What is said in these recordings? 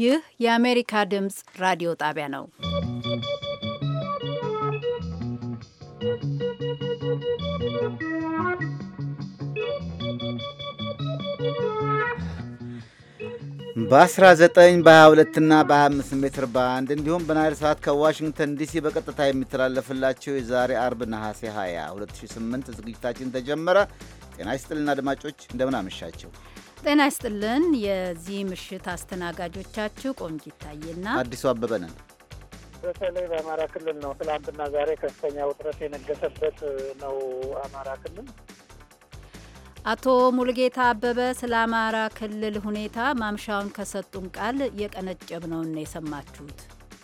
ይህ የአሜሪካ ድምፅ ራዲዮ ጣቢያ ነው። በ19 በ22 እና በ25 ሜትር ባንድ እንዲሁም በናይል ሰዓት ከዋሽንግተን ዲሲ በቀጥታ የሚተላለፍላቸው የዛሬ አርብ ነሐሴ 20 2008 ዝግጅታችን ተጀመረ። ጤና ይስጥልና አድማጮች እንደምን አመሻቸው። ጤና ይስጥልን። የዚህ ምሽት አስተናጋጆቻችሁ ቆንጅ ይታየና አዲሱ አበበ ነን። በተለይ በአማራ ክልል ነው። ትላንትና ዛሬ ከፍተኛ ውጥረት የነገሰበት ነው አማራ ክልል። አቶ ሙልጌታ አበበ ስለ አማራ ክልል ሁኔታ ማምሻውን ከሰጡን ቃል የቀነጨብነውን የሰማችሁት።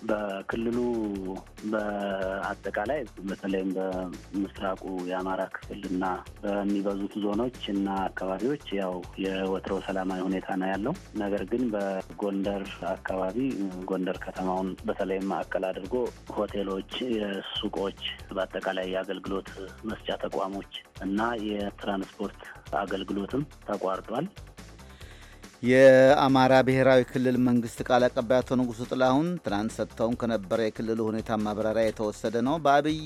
በክልሉ በአጠቃላይ በተለይም በምስራቁ የአማራ ክፍል እና በሚበዙት ዞኖች እና አካባቢዎች ያው የወትሮ ሰላማዊ ሁኔታ ነው ያለው። ነገር ግን በጎንደር አካባቢ ጎንደር ከተማውን በተለይም ማዕከል አድርጎ ሆቴሎች፣ የሱቆች፣ በአጠቃላይ የአገልግሎት መስጫ ተቋሞች እና የትራንስፖርት አገልግሎትም ተቋርጧል። የአማራ ብሔራዊ ክልል መንግስት ቃል አቀባይ አቶ ንጉሱ ጥላሁን ትናንት ሰጥተውን ከነበረ የክልሉ ሁኔታ ማብራሪያ የተወሰደ ነው። በአብይ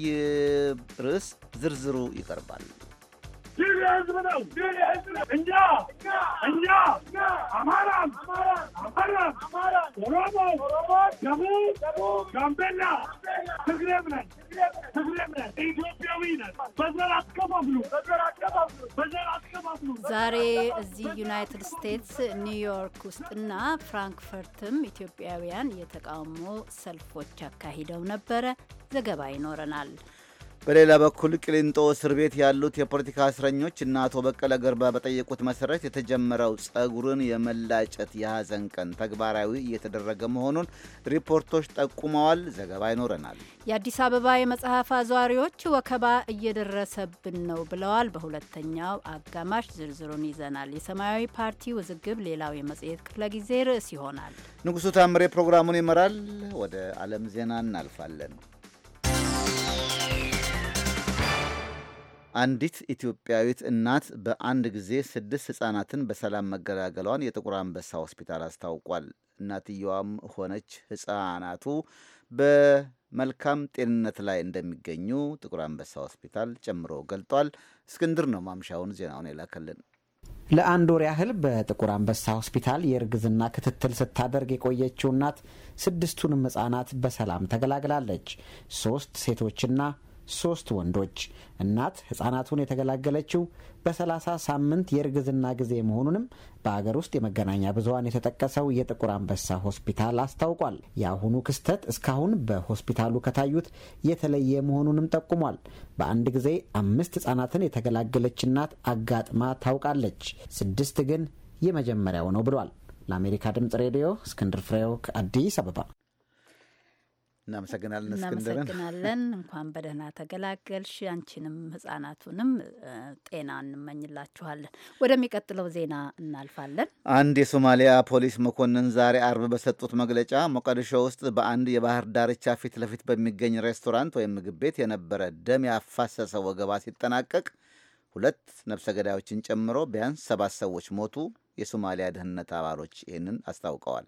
ርዕስ ዝርዝሩ ይቀርባል። ነው። አማራም አማራም ኦሮሞ ደቡብ ጋምቤላ ትግሬም ነን ትግሬም ነን ኢትዮጵያዊ ነን። በዘር አትከፋፍሉ፣ በዘር አትከፋፍሉ። ዛሬ እዚህ ዩናይትድ ስቴትስ ኒውዮርክ ውስጥና ፍራንክፈርትም ኢትዮጵያውያን የተቃውሞ ሰልፎች አካሂደው ነበረ። ዘገባ ይኖረናል። በሌላ በኩል ቅሊንጦ እስር ቤት ያሉት የፖለቲካ እስረኞች እና አቶ በቀለ ገርባ በጠየቁት መሰረት የተጀመረው ጸጉርን የመላጨት የሀዘን ቀን ተግባራዊ እየተደረገ መሆኑን ሪፖርቶች ጠቁመዋል። ዘገባ ይኖረናል። የአዲስ አበባ የመጽሐፍ አዟሪዎች ወከባ እየደረሰብን ነው ብለዋል። በሁለተኛው አጋማሽ ዝርዝሩን ይዘናል። የሰማያዊ ፓርቲ ውዝግብ ሌላው የመጽሔት ክፍለ ጊዜ ርዕስ ይሆናል። ንጉሱ ታምሬ ፕሮግራሙን ይመራል። ወደ ዓለም ዜና እናልፋለን። አንዲት ኢትዮጵያዊት እናት በአንድ ጊዜ ስድስት ህጻናትን በሰላም መገላገሏን የጥቁር አንበሳ ሆስፒታል አስታውቋል። እናትየዋም ሆነች ህጻናቱ በመልካም ጤንነት ላይ እንደሚገኙ ጥቁር አንበሳ ሆስፒታል ጨምሮ ገልጧል። እስክንድር ነው ማምሻውን ዜናውን የላከልን። ለአንድ ወር ያህል በጥቁር አንበሳ ሆስፒታል የእርግዝና ክትትል ስታደርግ የቆየችው እናት ስድስቱንም ህጻናት በሰላም ተገላግላለች። ሶስት ሴቶችና ሶስት ወንዶች። እናት ህጻናቱን የተገላገለችው በሰላሳ ሳምንት የእርግዝና ጊዜ መሆኑንም በአገር ውስጥ የመገናኛ ብዙሀን የተጠቀሰው የጥቁር አንበሳ ሆስፒታል አስታውቋል። የአሁኑ ክስተት እስካሁን በሆስፒታሉ ከታዩት የተለየ መሆኑንም ጠቁሟል። በአንድ ጊዜ አምስት ህጻናትን የተገላገለች እናት አጋጥማ ታውቃለች። ስድስት ግን የመጀመሪያው ነው ብሏል። ለአሜሪካ ድምጽ ሬዲዮ እስክንድር ፍሬው ከአዲስ አበባ እናመሰግናለን። እናመሰግናለን። እንኳን በደህና ተገላገልሽ። አንቺንም ህጻናቱንም ጤና እንመኝላችኋለን። ወደሚቀጥለው ዜና እናልፋለን። አንድ የሶማሊያ ፖሊስ መኮንን ዛሬ አርብ በሰጡት መግለጫ ሞቃዲሾ ውስጥ በአንድ የባህር ዳርቻ ፊት ለፊት በሚገኝ ሬስቶራንት ወይም ምግብ ቤት የነበረ ደም ያፋሰሰ ወገባ ሲጠናቀቅ ሁለት ነፍሰ ገዳዮችን ጨምሮ ቢያንስ ሰባት ሰዎች ሞቱ። የሶማሊያ ደህንነት አባሎች ይህንን አስታውቀዋል።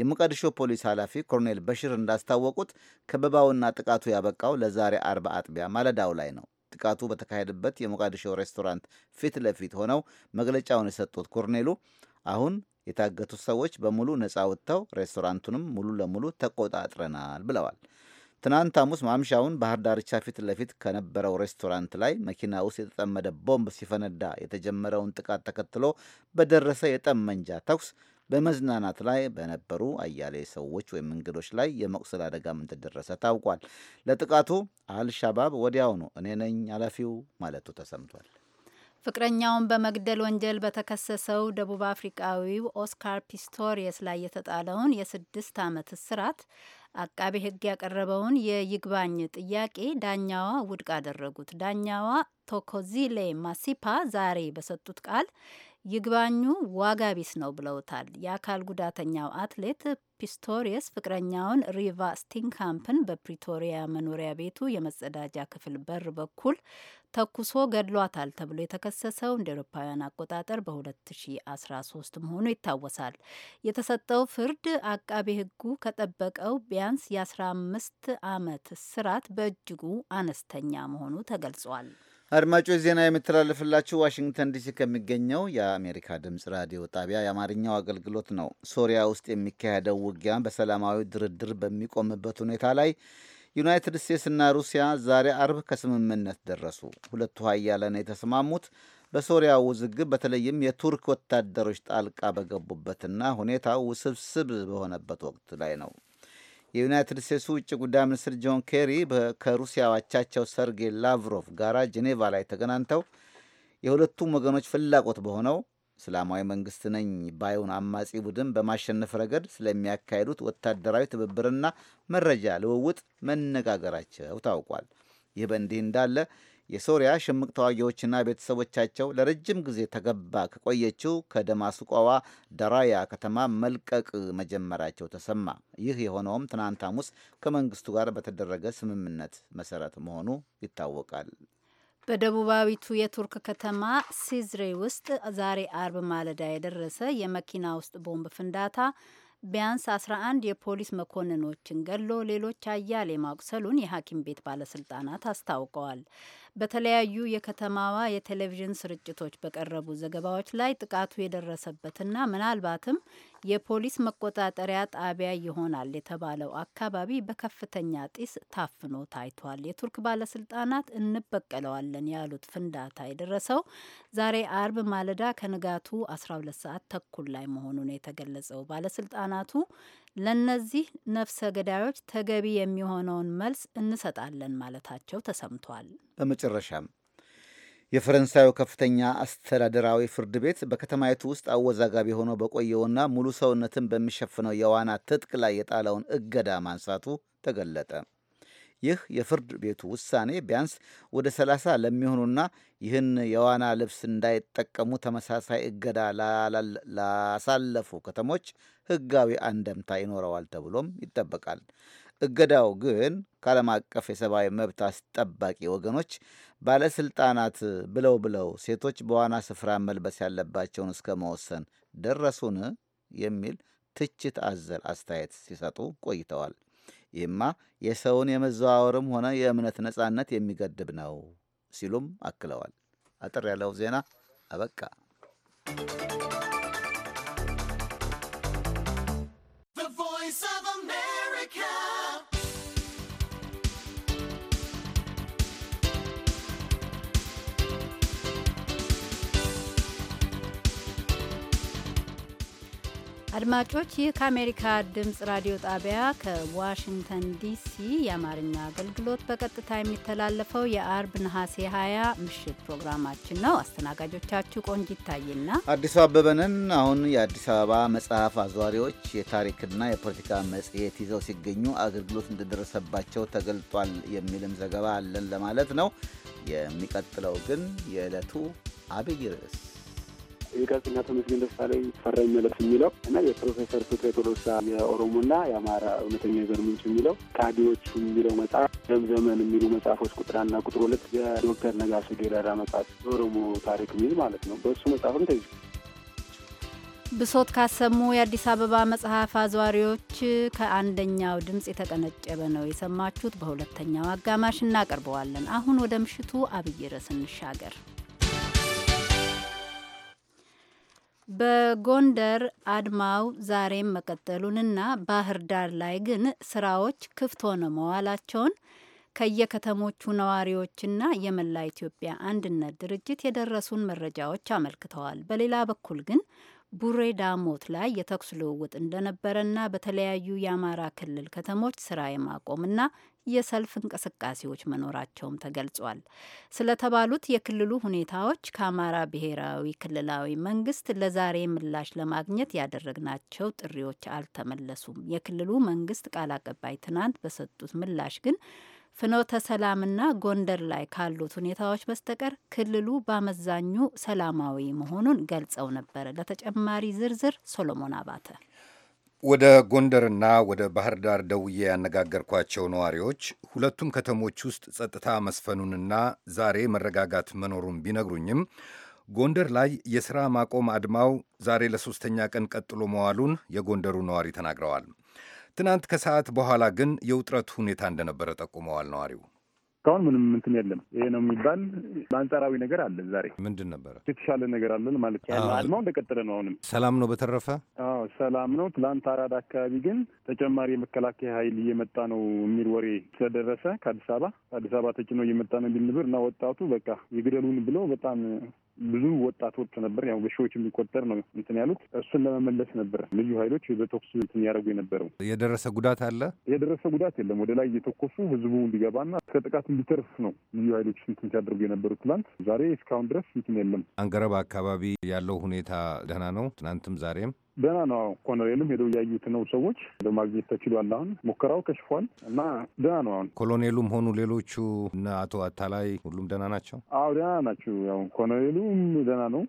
የሞቃዲሾ ፖሊስ ኃላፊ ኮሎኔል በሽር እንዳስታወቁት ከበባውና ጥቃቱ ያበቃው ለዛሬ አርብ አጥቢያ ማለዳው ላይ ነው። ጥቃቱ በተካሄደበት የሞቃዲሾ ሬስቶራንት ፊት ለፊት ሆነው መግለጫውን የሰጡት ኮርኔሉ አሁን የታገቱት ሰዎች በሙሉ ነፃ ወጥተው ሬስቶራንቱንም ሙሉ ለሙሉ ተቆጣጥረናል ብለዋል። ትናንት ሐሙስ ማምሻውን ባህር ዳርቻ ፊት ለፊት ከነበረው ሬስቶራንት ላይ መኪና ውስጥ የተጠመደ ቦምብ ሲፈነዳ የተጀመረውን ጥቃት ተከትሎ በደረሰ የጠመንጃ ተኩስ በመዝናናት ላይ በነበሩ አያሌ ሰዎች ወይም እንግዶች ላይ የመቁሰል አደጋም እንደደረሰ ታውቋል። ለጥቃቱ አልሻባብ ወዲያውኑ እኔ ነኝ ኃላፊው ማለቱ ተሰምቷል። ፍቅረኛውን በመግደል ወንጀል በተከሰሰው ደቡብ አፍሪቃዊው ኦስካር ፒስቶሪየስ ላይ የተጣለውን የስድስት ዓመት እስራት አቃቤ ሕግ ያቀረበውን የይግባኝ ጥያቄ ዳኛዋ ውድቅ አደረጉት። ዳኛዋ ቶኮዚሌ ማሲፓ ዛሬ በሰጡት ቃል ይግባኙ ዋጋ ቢስ ነው ብለውታል። የአካል ጉዳተኛው አትሌት ፒስቶሪየስ ፍቅረኛውን ሪቫ ስቲንካምፕን በፕሪቶሪያ መኖሪያ ቤቱ የመጸዳጃ ክፍል በር በኩል ተኩሶ ገድሏታል ተብሎ የተከሰሰው እንደ ኤሮፓውያን አቆጣጠር በ2013 መሆኑ ይታወሳል። የተሰጠው ፍርድ አቃቤ ሕጉ ከጠበቀው ቢያንስ የ15 ዓመት እስራት በእጅጉ አነስተኛ መሆኑ ተገልጿል። አድማጮች ዜና የሚተላለፍላችሁ ዋሽንግተን ዲሲ ከሚገኘው የአሜሪካ ድምፅ ራዲዮ ጣቢያ የአማርኛው አገልግሎት ነው። ሶሪያ ውስጥ የሚካሄደው ውጊያ በሰላማዊ ድርድር በሚቆምበት ሁኔታ ላይ ዩናይትድ ስቴትስና ሩሲያ ዛሬ አርብ ከስምምነት ደረሱ። ሁለቱ ሀያላን የተስማሙት በሶሪያ ውዝግብ በተለይም የቱርክ ወታደሮች ጣልቃ በገቡበትና ሁኔታው ውስብስብ በሆነበት ወቅት ላይ ነው። የዩናይትድ ስቴትሱ ውጭ ጉዳይ ሚኒስትር ጆን ኬሪ ከሩሲያ አቻቸው ሰርጌ ላቭሮቭ ጋር ጄኔቫ ላይ ተገናንተው የሁለቱም ወገኖች ፍላጎት በሆነው እስላማዊ መንግስት ነኝ ባዩን አማጺ ቡድን በማሸነፍ ረገድ ስለሚያካሂዱት ወታደራዊ ትብብርና መረጃ ልውውጥ መነጋገራቸው ታውቋል። ይህ በእንዲህ እንዳለ የሶሪያ ሽምቅ ተዋጊዎችና ቤተሰቦቻቸው ለረጅም ጊዜ ተገባ ከቆየችው ከደማስቆዋ ደራያ ከተማ መልቀቅ መጀመራቸው ተሰማ። ይህ የሆነውም ትናንት ሐሙስ ከመንግስቱ ጋር በተደረገ ስምምነት መሰረት መሆኑ ይታወቃል። በደቡባዊቱ የቱርክ ከተማ ሲዝሬ ውስጥ ዛሬ አርብ ማለዳ የደረሰ የመኪና ውስጥ ቦምብ ፍንዳታ ቢያንስ 11 የፖሊስ መኮንኖችን ገሎ ሌሎች አያሌ ማቁሰሉን የሐኪም ቤት ባለስልጣናት አስታውቀዋል። በተለያዩ የከተማዋ የቴሌቪዥን ስርጭቶች በቀረቡ ዘገባዎች ላይ ጥቃቱ የደረሰበትና ምናልባትም የፖሊስ መቆጣጠሪያ ጣቢያ ይሆናል የተባለው አካባቢ በከፍተኛ ጢስ ታፍኖ ታይቷል። የቱርክ ባለስልጣናት እንበቀለዋለን ያሉት ፍንዳታ የደረሰው ዛሬ አርብ ማለዳ ከንጋቱ 12 ሰዓት ተኩል ላይ መሆኑን የተገለጸው ባለስልጣናቱ ለነዚህ ነፍሰ ገዳዮች ተገቢ የሚሆነውን መልስ እንሰጣለን ማለታቸው ተሰምቷል። በመጨረሻም የፈረንሳዩ ከፍተኛ አስተዳደራዊ ፍርድ ቤት በከተማይቱ ውስጥ አወዛጋቢ ሆኖ በቆየውና ሙሉ ሰውነትን በሚሸፍነው የዋና ትጥቅ ላይ የጣለውን እገዳ ማንሳቱ ተገለጠ። ይህ የፍርድ ቤቱ ውሳኔ ቢያንስ ወደ 30 ለሚሆኑና ይህን የዋና ልብስ እንዳይጠቀሙ ተመሳሳይ እገዳ ላሳለፉ ከተሞች ሕጋዊ አንደምታ ይኖረዋል ተብሎም ይጠበቃል። እገዳው ግን ከዓለም አቀፍ የሰብአዊ መብት አስጠባቂ ወገኖች ባለስልጣናት ብለው ብለው ሴቶች በዋና ስፍራ መልበስ ያለባቸውን እስከ መወሰን ደረሱን የሚል ትችት አዘል አስተያየት ሲሰጡ ቆይተዋል። ይህማ የሰውን የመዘዋወርም ሆነ የእምነት ነጻነት የሚገድብ ነው ሲሉም አክለዋል። አጠር ያለው ዜና አበቃ። አድማጮች ይህ ከአሜሪካ ድምፅ ራዲዮ ጣቢያ ከዋሽንግተን ዲሲ የአማርኛ አገልግሎት በቀጥታ የሚተላለፈው የአርብ ነሐሴ 20 ምሽት ፕሮግራማችን ነው። አስተናጋጆቻችሁ ቆንጅ ይታይና አዲሱ አበበንን። አሁን የአዲስ አበባ መጽሐፍ አዟሪዎች የታሪክና የፖለቲካ መጽሔት ይዘው ሲገኙ አገልግሎት እንደደረሰባቸው ተገልጧል የሚልም ዘገባ አለን ለማለት ነው። የሚቀጥለው ግን የዕለቱ አብይ ርዕስ የጋዜጠኛ ተመስገን ደሳለኝ ፈራኝ መለስ የሚለው እና የፕሮፌሰር ፍቅሬ ቶሎሳ የኦሮሞና የአማራ እውነተኛ የዘር ምንጭ የሚለው ካዲዎቹ የሚለው መጽሐፍ፣ ደም ዘመን የሚሉ መጽሐፎች ቁጥር አንድና ቁጥር ሁለት የዶክተር ነጋሶ ዲራራ መጽሐፍ የኦሮሞ ታሪክ የሚል ማለት ነው። በእሱ መጽሐፍም ተይዙ ብሶት ካሰሙ የአዲስ አበባ መጽሐፍ አዘዋሪዎች ከአንደኛው ድምፅ የተቀነጨበ ነው የሰማችሁት። በሁለተኛው አጋማሽ እናቀርበዋለን። አሁን ወደ ምሽቱ አብይ ርዕስ እንሻገር። በጎንደር አድማው ዛሬም መቀጠሉንና ባህር ዳር ላይ ግን ስራዎች ክፍት ሆነ መዋላቸውን ከየከተሞቹ ነዋሪዎችና የመላ ኢትዮጵያ አንድነት ድርጅት የደረሱን መረጃዎች አመልክተዋል። በሌላ በኩል ግን ቡሬ ዳሞት ላይ የተኩስ ልውውጥ እንደነበረና በተለያዩ የአማራ ክልል ከተሞች ስራ የማቆምና የሰልፍ እንቅስቃሴዎች መኖራቸውም ተገልጿል። ስለተባሉት የክልሉ ሁኔታዎች ከአማራ ብሔራዊ ክልላዊ መንግስት ለዛሬ ምላሽ ለማግኘት ያደረግናቸው ጥሪዎች አልተመለሱም። የክልሉ መንግስት ቃል አቀባይ ትናንት በሰጡት ምላሽ ግን ፍኖተ ሰላምና ጎንደር ላይ ካሉት ሁኔታዎች በስተቀር ክልሉ በአመዛኙ ሰላማዊ መሆኑን ገልጸው ነበር። ለተጨማሪ ዝርዝር ሶሎሞን አባተ። ወደ ጎንደርና ወደ ባህር ዳር ደውዬ ያነጋገርኳቸው ነዋሪዎች ሁለቱም ከተሞች ውስጥ ጸጥታ መስፈኑንና ዛሬ መረጋጋት መኖሩን ቢነግሩኝም ጎንደር ላይ የሥራ ማቆም አድማው ዛሬ ለሦስተኛ ቀን ቀጥሎ መዋሉን የጎንደሩ ነዋሪ ተናግረዋል። ትናንት ከሰዓት በኋላ ግን የውጥረት ሁኔታ እንደነበረ ጠቁመዋል ነዋሪው። እስካሁን ምንም እንትን የለም። ይሄ ነው የሚባል በአንጻራዊ ነገር አለ። ዛሬ ምንድን ነበረ የተሻለ ነገር አለን ማለት ነው። አድማው እንደቀጠለ ነው። አሁንም ሰላም ነው። በተረፈ አዎ ሰላም ነው። ትላንት አራዳ አካባቢ ግን ተጨማሪ የመከላከያ ኃይል እየመጣ ነው የሚል ወሬ ስለደረሰ ከአዲስ አበባ አዲስ አበባ ተጭኖ እየመጣ ነው የሚል ንብር እና ወጣቱ በቃ ይግደሉን ብሎ በጣም ብዙ ወጣቶች ነበር። ያው በሺዎች የሚቆጠር ነው እንትን ያሉት። እሱን ለመመለስ ነበር ልዩ ኃይሎች በተኩስ እንትን ያደረጉ የነበረው። የደረሰ ጉዳት አለ? የደረሰ ጉዳት የለም። ወደ ላይ እየተኮሱ ህዝቡ እንዲገባና ጥቃት እንዲተርፍ ነው ልዩ ኃይሎች እንትን ሲያደርጉ የነበሩ ትላንት። ዛሬ እስካሁን ድረስ እንትን የለም። አንገረብ አካባቢ ያለው ሁኔታ ደህና ነው? ትናንትም ዛሬም ደህና ነው። አሁን ኮሎኔልም ሄደው እያዩት ነው ሰዎች ለማግኘት ተችሏል። አሁን ሙከራው ከሽፏል እና ደህና ነው። አሁን ኮሎኔሉም ሆኑ ሌሎቹ እና አቶ አታላይ ሁሉም ደህና ናቸው። አዎ ደህና ናቸው። ያው ኮሎኔሉም ደህና ነው።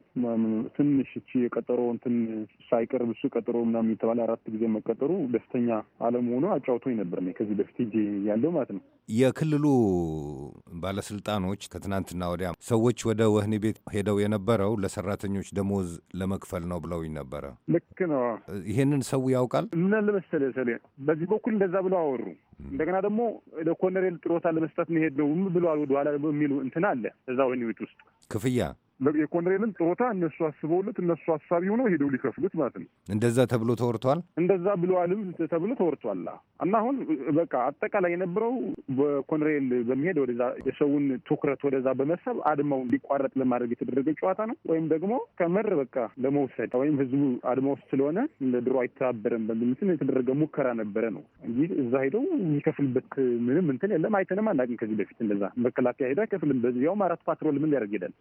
ትንሽ እቺ የቀጠሮ እንትን ሳይቀርብ እሱ ቀጠሮ ምናምን የተባለ አራት ጊዜ መቀጠሩ ደስተኛ አለመሆኑ አጫውቶኝ ነበር ከዚህ በፊት እጅ ያለው ማለት ነው የክልሉ ባለስልጣኖች ከትናንትና ወዲያ ሰዎች ወደ ወህኒ ቤት ሄደው የነበረው ለሰራተኞች ደሞዝ ለመክፈል ነው ብለው ነበረ። ልክ ነው። ይሄንን ሰው ያውቃል። ምን ለመሰለ መሰለህ ሰሌ በዚህ በኩል እንደዛ ብለው አወሩ። እንደገና ደግሞ ለኮሎኔል ጥሮታ ለመስጠት መሄድ ነው ብለዋል ወደኋላ የሚሉ እንትን አለ እዛ ወህኒ ቤት ውስጥ ክፍያ የኮሎኔልን ጡረታ እነሱ አስበውለት እነሱ አሳቢ ሆነው ሄደው ሊከፍሉት ማለት ነው። እንደዛ ተብሎ ተወርቷል። እንደዛ ብለዋልም ተብሎ ተወርቷል። እና አሁን በቃ አጠቃላይ የነበረው በኮሎኔል በሚሄድ ወደዛ የሰውን ትኩረት ወደዛ በመሰብ አድማው እንዲቋረጥ ለማድረግ የተደረገ ጨዋታ ነው። ወይም ደግሞ ከመር በቃ ለመውሰድ ወይም ህዝቡ አድማ ውስጥ ስለሆነ እንደ ድሮ አይተባበረም በሚል እንትን የተደረገ ሙከራ ነበረ ነው እንጂ እዛ ሄደው የሚከፍልበት ምንም እንትን የለም። አይተንም አናውቅም ከዚህ በፊት እንደዛ መከላከያ ሄዶ አይከፍልም። በዚያውም አራት ፓትሮል ምን ያደርግ ሄዳል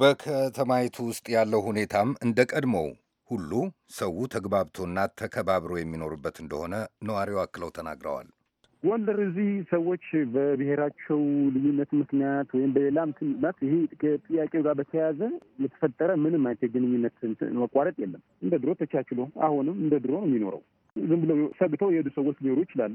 በከተማይቱ ውስጥ ያለው ሁኔታም እንደ ቀድሞው ሁሉ ሰው ተግባብቶና ተከባብሮ የሚኖርበት እንደሆነ ነዋሪው አክለው ተናግረዋል። ጎንደር እዚህ ሰዎች በብሔራቸው ልዩነት ምክንያት ወይም በሌላ ምክንያት ይሄ ከጥያቄው ጋር በተያያዘ የተፈጠረ ምንም አይነት የግንኙነት መቋረጥ የለም። እንደ ድሮ ተቻችሎ አሁንም እንደ ድሮ ነው የሚኖረው። ዝም ብለው ሰግተው የሄዱ ሰዎች ሊኖሩ ይችላሉ።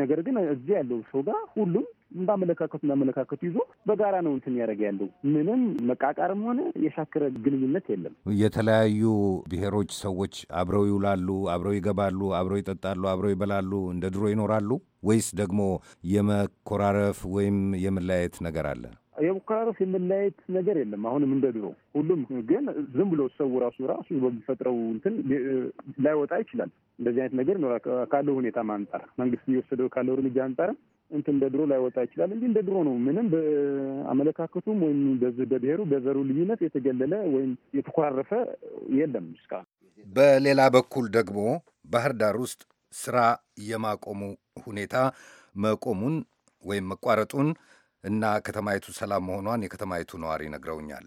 ነገር ግን እዚህ ያለው ሰው ጋር ሁሉም እንዳመለካከቱ እንዳመለካከቱ ይዞ በጋራ ነው እንትን ያደረገ ያለው። ምንም መቃቃርም ሆነ የሻከረ ግንኙነት የለም። የተለያዩ ብሔሮች ሰዎች አብረው ይውላሉ፣ አብረው ይገባሉ፣ አብረው ይጠጣሉ፣ አብረው ይበላሉ፣ እንደ ድሮ ይኖራሉ ወይስ ደግሞ የመኮራረፍ ወይም የመለያየት ነገር አለ? የመቆራረስ የመለያየት ነገር የለም። አሁንም እንደ ድሮ ሁሉም ግን ዝም ብሎ ሰው ራሱ ራሱ በሚፈጥረው እንትን ላይወጣ ይችላል። እንደዚህ አይነት ነገር ካለው ሁኔታ አንጻር መንግስት እየወሰደው ካለው እርምጃ አንጻርም እንትን እንደ ድሮ ላይወጣ ይችላል እንጂ እንደ ድሮ ነው። ምንም በአመለካከቱም ወይም በዚህ በብሔሩ በዘሩ ልዩነት የተገለለ ወይም የተኮራረፈ የለም እስካሁን። በሌላ በኩል ደግሞ ባህር ዳር ውስጥ ስራ የማቆሙ ሁኔታ መቆሙን ወይም መቋረጡን እና ከተማይቱ ሰላም መሆኗን የከተማይቱ ነዋሪ ነግረውኛል።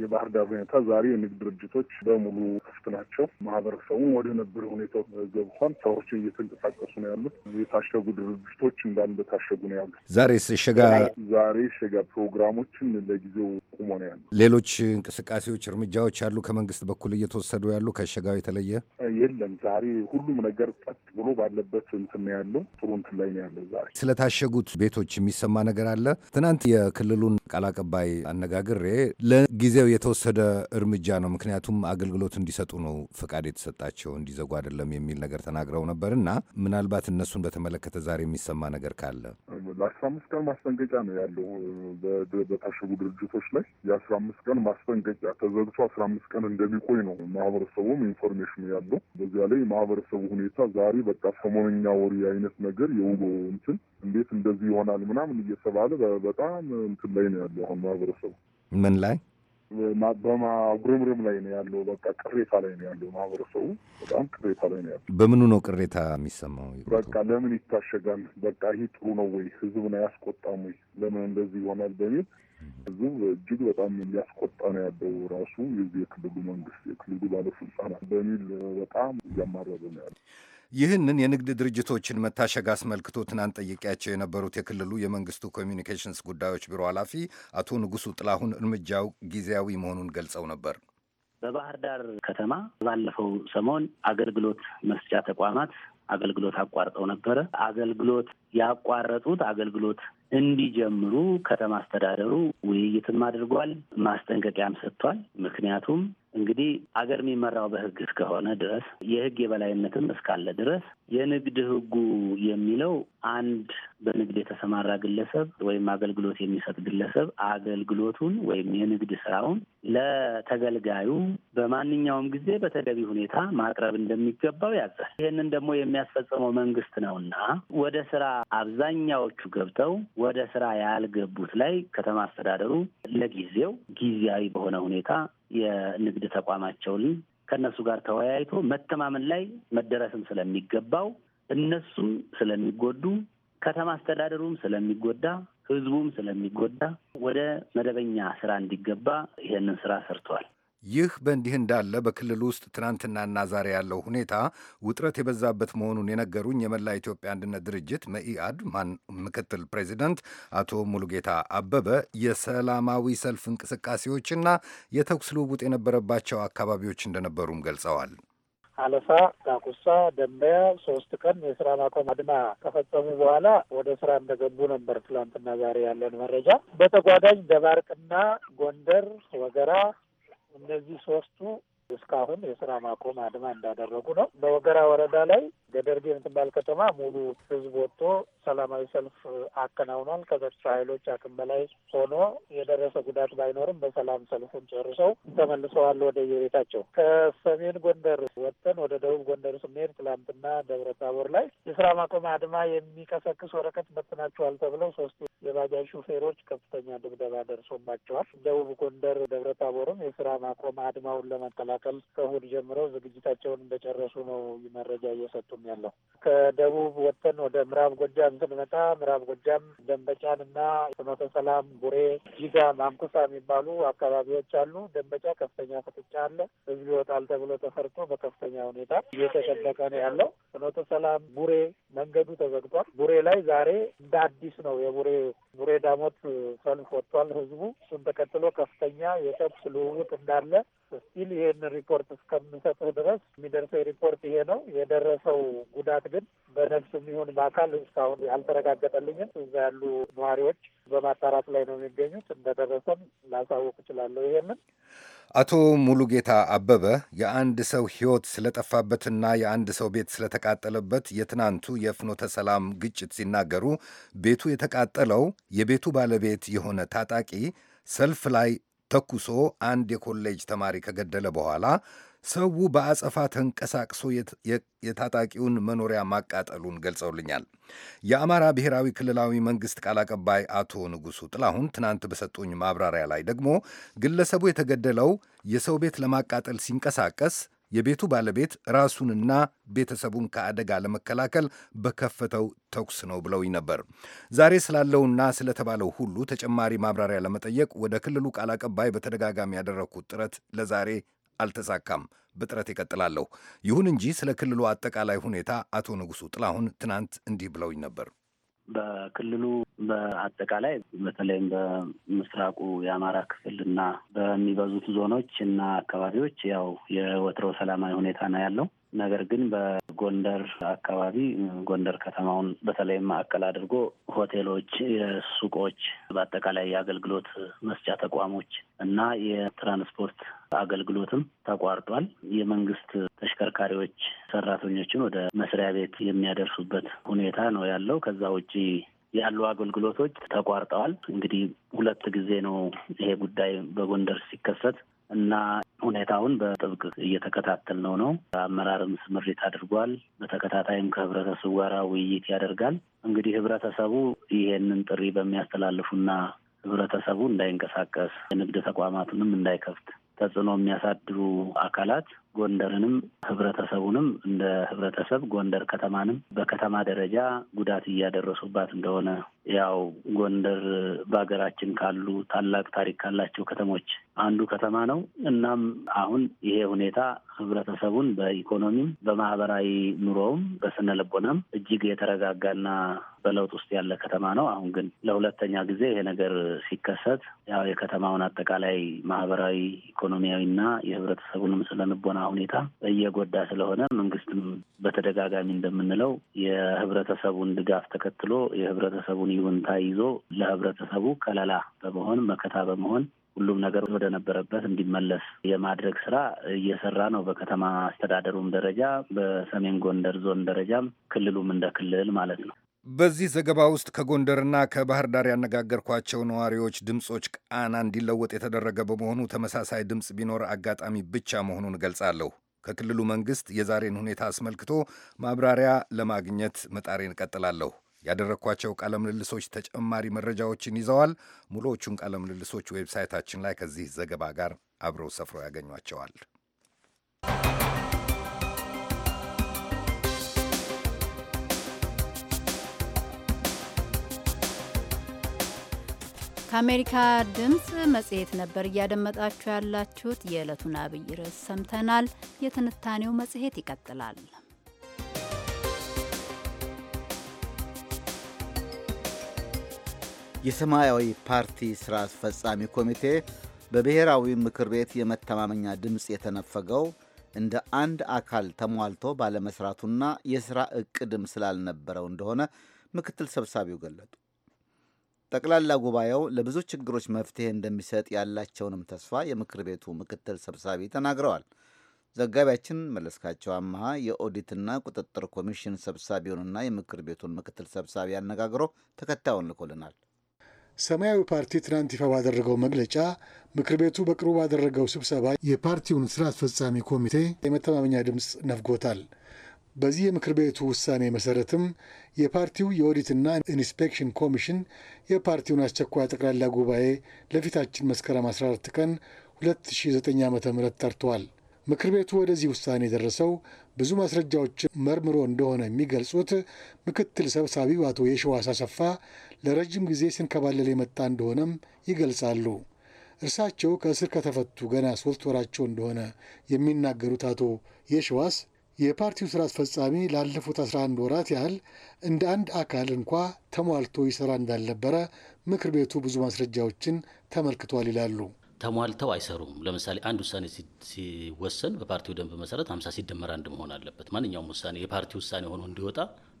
የባህር ዳር ሁኔታ ዛሬ የንግድ ድርጅቶች በሙሉ ክፍት ናቸው። ማህበረሰቡም ወደ ነበረ ሁኔታ ገብቷል። ሰዎች እየተንቀሳቀሱ ነው ያሉት። የታሸጉ ድርጅቶች እንዳለ ታሸጉ ነው ያሉት። ዛሬ ሸጋ ዛሬ ሸጋ ፕሮግራሞችን ለጊዜው ቁሞ ነው ያሉ። ሌሎች እንቅስቃሴዎች፣ እርምጃዎች አሉ ከመንግስት በኩል እየተወሰዱ ያሉ ከሸጋው የተለየ የለም። ዛሬ ሁሉም ነገር ጸጥ ብሎ ባለበት እንትን ያለው። ጥሩ እንትን ላይ ነው ያለው። ዛሬ ስለታሸጉት ቤቶች የሚሰማ ነገር አለ። ትናንት የክልሉን ቃል አቀባይ አነጋግሬ ለጊዜው የተወሰደ እርምጃ ነው፣ ምክንያቱም አገልግሎት እንዲሰጡ ነው ፈቃድ የተሰጣቸው እንዲዘጉ አይደለም የሚል ነገር ተናግረው ነበር እና ምናልባት እነሱን በተመለከተ ዛሬ የሚሰማ ነገር ካለ ለአስራ አምስት ቀን ማስጠንቀቂያ ነው ያለው በታሸጉ ድርጅቶች ላይ ግማሽ የአስራ አምስት ቀን ማስጠንቀቂያ ተዘግቶ አስራ አምስት ቀን እንደሚቆይ ነው ማህበረሰቡም ኢንፎርሜሽኑ ያለው። በዚያ ላይ ማህበረሰቡ ሁኔታ ዛሬ በቃ ሰሞነኛ ወሬ አይነት ነገር የውሎ እንትን እንዴት እንደዚህ ይሆናል ምናምን እየተባለ በጣም እንትን ላይ ነው ያለው አሁን ማህበረሰቡ ምን ላይ በማጉረምረም ላይ ነው ያለው። በቃ ቅሬታ ላይ ነው ያለው ማህበረሰቡ በጣም ቅሬታ ላይ ነው ያለው። በምኑ ነው ቅሬታ የሚሰማው? በቃ ለምን ይታሸጋል? በቃ ይህ ጥሩ ነው ወይ? ህዝብን አያስቆጣም ወይ? ለምን እንደዚህ ይሆናል በሚል እዚያ እጅግ በጣም የሚያስቆጣ ነው ያለው ራሱ የዚህ የክልሉ መንግስት የክልሉ ባለስልጣናት በሚል በጣም እያማረበ ነው ያለው። ይህንን የንግድ ድርጅቶችን መታሸግ አስመልክቶ ትናንት ጠይቄያቸው የነበሩት የክልሉ የመንግስቱ ኮሚኒኬሽንስ ጉዳዮች ቢሮ ኃላፊ አቶ ንጉሱ ጥላሁን እርምጃው ጊዜያዊ መሆኑን ገልጸው ነበር። በባህር ዳር ከተማ ባለፈው ሰሞን አገልግሎት መስጫ ተቋማት አገልግሎት አቋርጠው ነበረ። አገልግሎት ያቋረጡት አገልግሎት እንዲጀምሩ ከተማ አስተዳደሩ ውይይትም አድርጓል፣ ማስጠንቀቂያም ሰጥቷል። ምክንያቱም እንግዲህ አገር የሚመራው በህግ እስከሆነ ድረስ የህግ የበላይነትም እስካለ ድረስ የንግድ ህጉ የሚለው አንድ በንግድ የተሰማራ ግለሰብ ወይም አገልግሎት የሚሰጥ ግለሰብ አገልግሎቱን ወይም የንግድ ስራውን ለተገልጋዩ በማንኛውም ጊዜ በተገቢ ሁኔታ ማቅረብ እንደሚገባው ያዛል። ይህንን ደግሞ የሚያስፈጽመው መንግስት ነውና ወደ ስራ አብዛኛዎቹ ገብተው ወደ ስራ ያልገቡት ላይ ከተማ አስተዳደሩ ለጊዜው ጊዜያዊ በሆነ ሁኔታ የንግድ ተቋማቸውን ከእነሱ ጋር ተወያይቶ መተማመን ላይ መደረስም ስለሚገባው እነሱም ስለሚጎዱ ከተማ አስተዳደሩም ስለሚጎዳ ህዝቡም ስለሚጎዳ ወደ መደበኛ ስራ እንዲገባ ይህንን ስራ ሰርተዋል። ይህ በእንዲህ እንዳለ በክልል ውስጥ ትናንትናና ዛሬ ያለው ሁኔታ ውጥረት የበዛበት መሆኑን የነገሩኝ የመላ ኢትዮጵያ አንድነት ድርጅት መኢአድ ማን ምክትል ፕሬዚደንት አቶ ሙሉጌታ አበበ የሰላማዊ ሰልፍ እንቅስቃሴዎችና የተኩስ ልውውጥ የነበረባቸው አካባቢዎች እንደነበሩም ገልጸዋል። አለፋ፣ ዳቁሳ፣ ደንበያ ሶስት ቀን የስራ ማቆም አድማ ከፈጸሙ በኋላ ወደ ስራ እንደገቡ ነበር። ትላንትና ዛሬ ያለን መረጃ በተጓዳኝ ደባርቅና ጎንደር፣ ወገራ እነዚህ ሶስቱ እስካሁን የስራ ማቆም አድማ እንዳደረጉ ነው። በወገራ ወረዳ ላይ ገደርቤ የምትባል ከተማ ሙሉ ህዝብ ወጥቶ ሰላማዊ ሰልፍ አከናውኗል። ከጸጥታ ኃይሎች አቅም በላይ ሆኖ የደረሰ ጉዳት ባይኖርም በሰላም ሰልፉን ጨርሰው ተመልሰዋል ወደ የቤታቸው። ከሰሜን ጎንደር ወጥተን ወደ ደቡብ ጎንደር ስንሄድ ትላንትና ደብረ ታቦር ላይ የስራ ማቆም አድማ የሚቀሰቅስ ወረቀት በትናቸዋል ተብለው ሶስቱ የባጃጅ ሹፌሮች ከፍተኛ ድብደባ ደርሶባቸዋል። ደቡብ ጎንደር ደብረ ታቦርም የስራ ማቆም አድማውን ለመከላከል ከእሁድ ጀምረው ዝግጅታቸውን እንደጨረሱ ነው መረጃ እየሰጡ ያለው። ከደቡብ ወጥተን ወደ ምዕራብ ጎጃም ስንመጣ ምዕራብ ጎጃም ደንበጫን እና ፍኖተ ሰላም፣ ቡሬ፣ ጂጋ፣ ማንኩሳ የሚባሉ አካባቢዎች አሉ። ደንበጫ ከፍተኛ ፍጥጫ አለ። ህዝብ ይወጣል ተብሎ ተፈርቶ በከፍተኛ ሁኔታ እየተጠበቀ ነው ያለው። ፍኖተ ሰላም፣ ቡሬ መንገዱ ተዘግቷል። ቡሬ ላይ ዛሬ እንደ አዲስ ነው የቡሬ ቡሬ ዳሞት ሰልፍ ወጥቷል ህዝቡ። እሱን ተከትሎ ከፍተኛ የተኩስ ልውውጥ እንዳለ ስቲል ይህን ሪፖርት እስከምሰጥህ ድረስ የሚደርሰው ሪፖርት ይሄ ነው የደረሰው ጉዳት ግን በነፍስ የሚሆን በአካል እስካሁን ያልተረጋገጠልኝም። እዛ ያሉ ነዋሪዎች በማጣራት ላይ ነው የሚገኙት። እንደደረሰም ላሳወቅ እችላለሁ። ይሄንን አቶ ሙሉጌታ አበበ የአንድ ሰው ሕይወት ስለጠፋበትና የአንድ ሰው ቤት ስለተቃጠለበት የትናንቱ የፍኖተ ሰላም ግጭት ሲናገሩ ቤቱ የተቃጠለው የቤቱ ባለቤት የሆነ ታጣቂ ሰልፍ ላይ ተኩሶ አንድ የኮሌጅ ተማሪ ከገደለ በኋላ ሰው በአጸፋ ተንቀሳቅሶ የታጣቂውን መኖሪያ ማቃጠሉን ገልጸውልኛል። የአማራ ብሔራዊ ክልላዊ መንግስት ቃል አቀባይ አቶ ንጉሱ ጥላሁን ትናንት በሰጡኝ ማብራሪያ ላይ ደግሞ ግለሰቡ የተገደለው የሰው ቤት ለማቃጠል ሲንቀሳቀስ የቤቱ ባለቤት ራሱንና ቤተሰቡን ከአደጋ ለመከላከል በከፈተው ተኩስ ነው ብለውኝ ነበር። ዛሬ ስላለውና ስለተባለው ሁሉ ተጨማሪ ማብራሪያ ለመጠየቅ ወደ ክልሉ ቃል አቀባይ በተደጋጋሚ ያደረግኩት ጥረት ለዛሬ አልተሳካም። በጥረት ይቀጥላለሁ። ይሁን እንጂ ስለ ክልሉ አጠቃላይ ሁኔታ አቶ ንጉሱ ጥላሁን ትናንት እንዲህ ብለውኝ ነበር። በክልሉ በአጠቃላይ በተለይም በምስራቁ የአማራ ክፍል እና በሚበዙት ዞኖች እና አካባቢዎች ያው የወትሮ ሰላማዊ ሁኔታ ነው ያለው። ነገር ግን በጎንደር አካባቢ ጎንደር ከተማውን በተለይ ማዕከል አድርጎ ሆቴሎች፣ የሱቆች፣ በአጠቃላይ የአገልግሎት መስጫ ተቋሞች እና የትራንስፖርት አገልግሎትም ተቋርጧል። የመንግስት ተሽከርካሪዎች ሰራተኞችን ወደ መስሪያ ቤት የሚያደርሱበት ሁኔታ ነው ያለው። ከዛ ውጪ ያሉ አገልግሎቶች ተቋርጠዋል። እንግዲህ ሁለት ጊዜ ነው ይሄ ጉዳይ በጎንደር ሲከሰት እና ሁኔታውን በጥብቅ ነው ነው። አመራርም ስምሪት አድርጓል። በተከታታይም ከህብረተሰቡ ጋር ውይይት ያደርጋል። እንግዲህ ህብረተሰቡ ይሄንን ጥሪ በሚያስተላልፉና ህብረተሰቡ እንዳይንቀሳቀስ፣ የንግድ ተቋማቱንም እንዳይከፍት ተጽዕኖ የሚያሳድሩ አካላት ጎንደርንም ህብረተሰቡንም እንደ ህብረተሰብ ጎንደር ከተማንም በከተማ ደረጃ ጉዳት እያደረሱባት እንደሆነ ያው ጎንደር በሀገራችን ካሉ ታላቅ ታሪክ ካላቸው ከተሞች አንዱ ከተማ ነው። እናም አሁን ይሄ ሁኔታ ህብረተሰቡን በኢኮኖሚም በማህበራዊ ኑሮውም በስነ ልቦናም እጅግ የተረጋጋና በለውጥ ውስጥ ያለ ከተማ ነው። አሁን ግን ለሁለተኛ ጊዜ ይሄ ነገር ሲከሰት ያው የከተማውን አጠቃላይ ማህበራዊ ኢኮኖሚያዊና የህብረተሰቡንም ስነ ልቦና ሁኔታ እየጎዳ ስለሆነ መንግስትም በተደጋጋሚ እንደምንለው የህብረተሰቡን ድጋፍ ተከትሎ የህብረተሰቡን ይሁንታ ይዞ ለህብረተሰቡ ከለላ በመሆን መከታ በመሆን ሁሉም ነገር ወደ ነበረበት እንዲመለስ የማድረግ ስራ እየሰራ ነው። በከተማ አስተዳደሩም ደረጃ በሰሜን ጎንደር ዞን ደረጃም ክልሉም እንደ ክልል ማለት ነው። በዚህ ዘገባ ውስጥ ከጎንደርና ከባህር ዳር ያነጋገርኳቸው ነዋሪዎች ድምፆች ቃና እንዲለወጥ የተደረገ በመሆኑ ተመሳሳይ ድምፅ ቢኖር አጋጣሚ ብቻ መሆኑን እገልጻለሁ። ከክልሉ መንግስት የዛሬን ሁኔታ አስመልክቶ ማብራሪያ ለማግኘት መጣሬን እቀጥላለሁ። ያደረግኳቸው ቃለ ምልልሶች ተጨማሪ መረጃዎችን ይዘዋል። ሙሉዎቹን ቃለ ምልልሶች ዌብሳይታችን ላይ ከዚህ ዘገባ ጋር አብረው ሰፍረው ያገኟቸዋል። ከአሜሪካ ድምፅ መጽሔት ነበር እያደመጣችሁ ያላችሁት። የዕለቱን አብይ ርዕስ ሰምተናል። የትንታኔው መጽሔት ይቀጥላል። የሰማያዊ ፓርቲ ሥራ አስፈጻሚ ኮሚቴ በብሔራዊ ምክር ቤት የመተማመኛ ድምፅ የተነፈገው እንደ አንድ አካል ተሟልቶ ባለመስራቱና የሥራ ዕቅድም ስላልነበረው እንደሆነ ምክትል ሰብሳቢው ገለጡ። ጠቅላላ ጉባኤው ለብዙ ችግሮች መፍትሄ እንደሚሰጥ ያላቸውንም ተስፋ የምክር ቤቱ ምክትል ሰብሳቢ ተናግረዋል። ዘጋቢያችን መለስካቸው አመሃ የኦዲትና ቁጥጥር ኮሚሽን ሰብሳቢውንና የምክር ቤቱን ምክትል ሰብሳቢ አነጋግሮ ተከታዩን ልኮልናል። ሰማያዊ ፓርቲ ትናንት ይፋ ባደረገው መግለጫ ምክር ቤቱ በቅርቡ ባደረገው ስብሰባ የፓርቲውን ስራ አስፈጻሚ ኮሚቴ የመተማመኛ ድምፅ ነፍጎታል። በዚህ የምክር ቤቱ ውሳኔ መሰረትም የፓርቲው የኦዲትና ኢንስፔክሽን ኮሚሽን የፓርቲውን አስቸኳይ ጠቅላላ ጉባኤ ለፊታችን መስከረም 14 ቀን 2009 ዓ ም ጠርተዋል። ምክር ቤቱ ወደዚህ ውሳኔ የደረሰው ብዙ ማስረጃዎችን መርምሮ እንደሆነ የሚገልጹት ምክትል ሰብሳቢው አቶ የሸዋስ አሰፋ ለረጅም ጊዜ ስንከባለል የመጣ እንደሆነም ይገልጻሉ። እርሳቸው ከእስር ከተፈቱ ገና ሶስት ወራቸው እንደሆነ የሚናገሩት አቶ የሸዋስ የፓርቲው ስራ አስፈጻሚ ላለፉት 11 ወራት ያህል እንደ አንድ አካል እንኳ ተሟልቶ ይሰራ እንዳልነበረ ምክር ቤቱ ብዙ ማስረጃዎችን ተመልክቷል ይላሉ። ተሟልተው አይሰሩም። ለምሳሌ አንድ ውሳኔ ሲወሰን በፓርቲው ደንብ መሰረት 50 ሲደመር አንድ መሆን አለበት። ማንኛውም ውሳኔ የፓርቲ ውሳኔ ሆኖ እንዲወጣ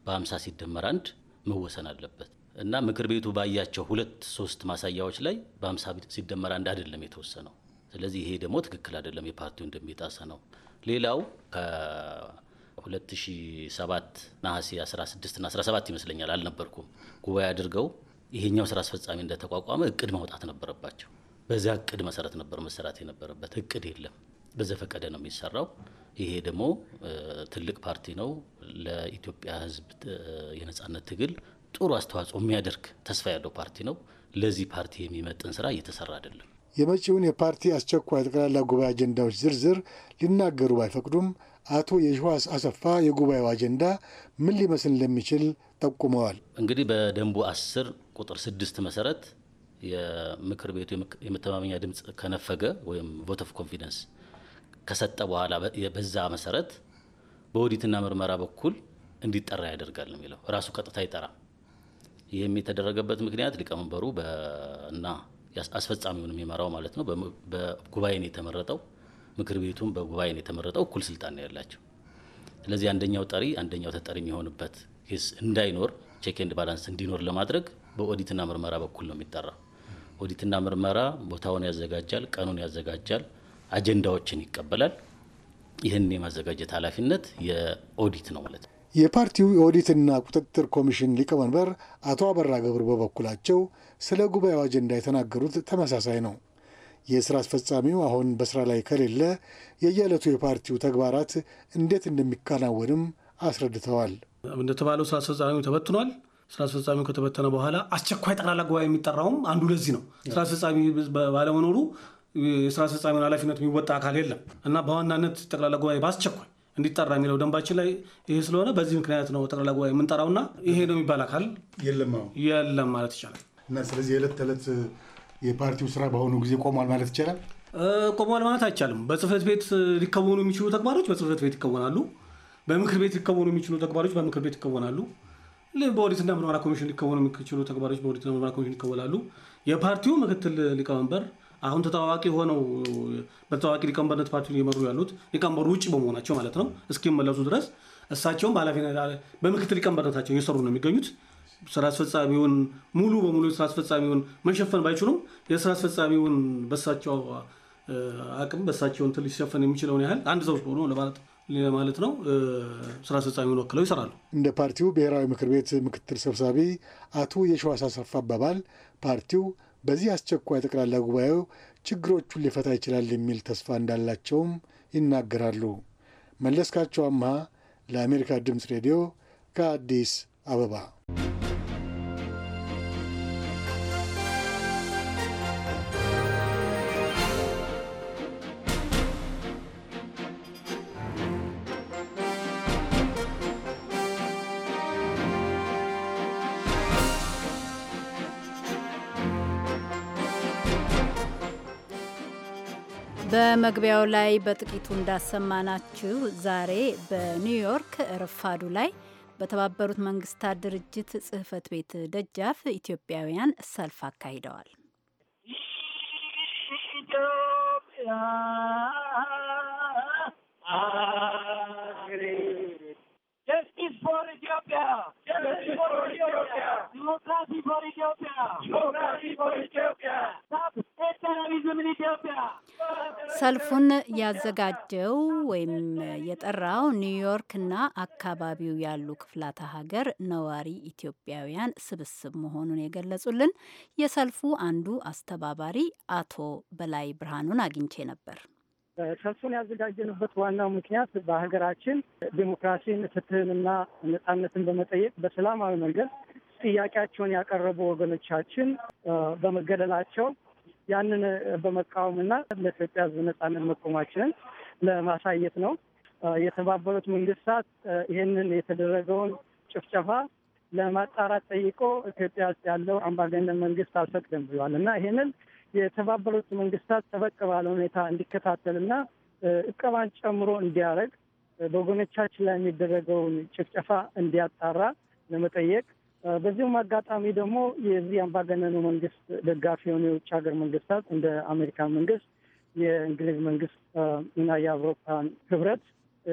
በ50 ሲደመር አንድ መወሰን አለበት እና ምክር ቤቱ ባያቸው ሁለት ሶስት ማሳያዎች ላይ በ50 ሲደመር አንድ አይደለም የተወሰነው ስለዚህ ይሄ ደግሞ ትክክል አይደለም፣ የፓርቲው እንደሚጣሰ ነው። ሌላው ከ2007 ነሐሴ 16ና 17 ይመስለኛል አልነበርኩም ጉባኤ አድርገው ይሄኛው ስራ አስፈጻሚ እንደተቋቋመ እቅድ ማውጣት ነበረባቸው። በዛ እቅድ መሰረት ነበር መሰራት የነበረበት። እቅድ የለም፣ በዘፈቀደ ነው የሚሰራው። ይሄ ደግሞ ትልቅ ፓርቲ ነው። ለኢትዮጵያ ሕዝብ የነጻነት ትግል ጥሩ አስተዋጽኦ የሚያደርግ ተስፋ ያለው ፓርቲ ነው። ለዚህ ፓርቲ የሚመጥን ስራ እየተሰራ አይደለም። የመጪውን የፓርቲ አስቸኳይ ጠቅላላ ጉባኤ አጀንዳዎች ዝርዝር ሊናገሩ ባይፈቅዱም አቶ የሺዋስ አሰፋ የጉባኤው አጀንዳ ምን ሊመስል እንደሚችል ጠቁመዋል። እንግዲህ በደንቡ አስር ቁጥር ስድስት መሰረት የምክር ቤቱ የመተማመኛ ድምፅ ከነፈገ ወይም ቮት ኦፍ ኮንፊደንስ ከሰጠ በኋላ በዛ መሰረት በኦዲትና ምርመራ በኩል እንዲጠራ ያደርጋል የሚለው ራሱ ቀጥታ ይጠራ። ይህም የተደረገበት ምክንያት ሊቀመንበሩ እና አስፈጻሚውን የሚመራው ማለት ነው። በጉባኤን የተመረጠው ምክር ቤቱም በጉባኤን የተመረጠው እኩል ስልጣን ነው ያላቸው። ስለዚህ አንደኛው ጠሪ አንደኛው ተጠሪ የሚሆንበት ኬስ እንዳይኖር ቼክ ኤንድ ባላንስ እንዲኖር ለማድረግ በኦዲትና ምርመራ በኩል ነው የሚጠራው። ኦዲትና ምርመራ ቦታውን ያዘጋጃል፣ ቀኑን ያዘጋጃል፣ አጀንዳዎችን ይቀበላል። ይህን የማዘጋጀት ኃላፊነት የኦዲት ነው ማለት ነው። የፓርቲው የኦዲትና ቁጥጥር ኮሚሽን ሊቀመንበር አቶ አበራ ገብሩ በበኩላቸው ስለ ጉባኤው አጀንዳ የተናገሩት ተመሳሳይ ነው። የስራ አስፈጻሚው አሁን በስራ ላይ ከሌለ የየዕለቱ የፓርቲው ተግባራት እንዴት እንደሚከናወንም አስረድተዋል። እንደተባለው ስራ አስፈጻሚው ተበትኗል። ስራ አስፈጻሚው ከተበተነ በኋላ አስቸኳይ ጠቅላላ ጉባኤ የሚጠራውም አንዱ ለዚህ ነው። ስራ አስፈጻሚ ባለመኖሩ የስራ አስፈጻሚውን ኃላፊነት የሚወጣ አካል የለም እና በዋናነት ጠቅላላ ጉባኤ በአስቸኳይ እንዲጠራ የሚለው ደንባችን ላይ ይሄ ስለሆነ በዚህ ምክንያት ነው ጠቅላላ ጉባኤ የምንጠራውና ይሄ ነው የሚባል አካል የለም ማለት ይቻላል። እና ስለዚህ የዕለት ተዕለት የፓርቲው ስራ በአሁኑ ጊዜ ቆሟል ማለት ይቻላል። ቆሟል ማለት አይቻልም። በጽህፈት ቤት ሊከወኑ የሚችሉ ተግባሮች በጽህፈት ቤት ይከወናሉ። በምክር ቤት ሊከወኑ የሚችሉ ተግባሮች በምክር ቤት ይከወናሉ። በኦዲትና ምርመራ ኮሚሽን ሊከወኑ የሚችሉ ተግባሮች በኦዲትና ምርመራ ኮሚሽን ይከወናሉ። የፓርቲው ምክትል ሊቀመንበር አሁን ተጠዋዋቂ ሆነው በተጠዋዋቂ ሊቀመንበርነት ፓርቲውን እየመሩ ያሉት ሊቀመንበሩ ውጭ በመሆናቸው ማለት ነው እስኪመለሱ ድረስ እሳቸውም በምክትል ሊቀመንበርነታቸው እየሰሩ ነው የሚገኙት። ስራ አስፈጻሚውን ሙሉ በሙሉ የስራ አስፈጻሚውን መሸፈን ባይችሉም የስራ አስፈጻሚውን በሳቸው አቅም በሳቸው እንትን ሊሸፈን የሚችለውን ያህል አንድ ሰው ሆኖ ለማለት ማለት ነው ስራ አስፈጻሚውን ወክለው ይሰራሉ። እንደ ፓርቲው ብሔራዊ ምክር ቤት ምክትል ሰብሳቢ አቶ የሸዋስ አሰፋ አባባል ፓርቲው በዚህ አስቸኳይ ጠቅላላ ጉባኤው ችግሮቹን ሊፈታ ይችላል የሚል ተስፋ እንዳላቸውም ይናገራሉ። መለስካቸው አምሃ ለአሜሪካ ድምፅ ሬዲዮ ከአዲስ አበባ በመግቢያው ላይ በጥቂቱ እንዳሰማናችሁ ዛሬ በኒውዮርክ ረፋዱ ላይ በተባበሩት መንግስታት ድርጅት ጽህፈት ቤት ደጃፍ ኢትዮጵያውያን ሰልፍ አካሂደዋል። ኢትዮጵያ justice for Ethiopia. Justice for Ethiopia. Democracy for Ethiopia. Democracy for Ethiopia. Stop terrorism in Ethiopia. ሰልፉን ያዘጋጀው ወይም የጠራው ኒውዮርክና አካባቢው ያሉ ክፍላተ ሀገር ነዋሪ ኢትዮጵያውያን ስብስብ መሆኑን የገለጹልን የሰልፉ አንዱ አስተባባሪ አቶ በላይ ብርሃኑን አግኝቼ ነበር። ሰልፉን ያዘጋጀንበት ዋናው ምክንያት በሀገራችን ዴሞክራሲን፣ ፍትህንና ነጻነትን በመጠየቅ በሰላማዊ መንገድ ጥያቄያቸውን ያቀረቡ ወገኖቻችን በመገደላቸው ያንን በመቃወምና ለኢትዮጵያ ሕዝብ ነጻነት መቆማችንን ለማሳየት ነው። የተባበሩት መንግስታት ይህንን የተደረገውን ጭፍጨፋ ለማጣራት ጠይቆ ኢትዮጵያ ውስጥ ያለው አምባገነን መንግስት አልፈቅድም ብሏል እና ይህንን የተባበሩት መንግስታት ጠበቅ ባለ ሁኔታ እንዲከታተልና እቀባን ጨምሮ እንዲያደርግ በወገኖቻችን ላይ የሚደረገውን ጭፍጨፋ እንዲያጣራ ለመጠየቅ በዚሁም አጋጣሚ ደግሞ የዚህ አምባገነኑ መንግስት ደጋፊ የሆኑ የውጭ ሀገር መንግስታት እንደ አሜሪካ መንግስት፣ የእንግሊዝ መንግስት እና የአውሮፓን ህብረት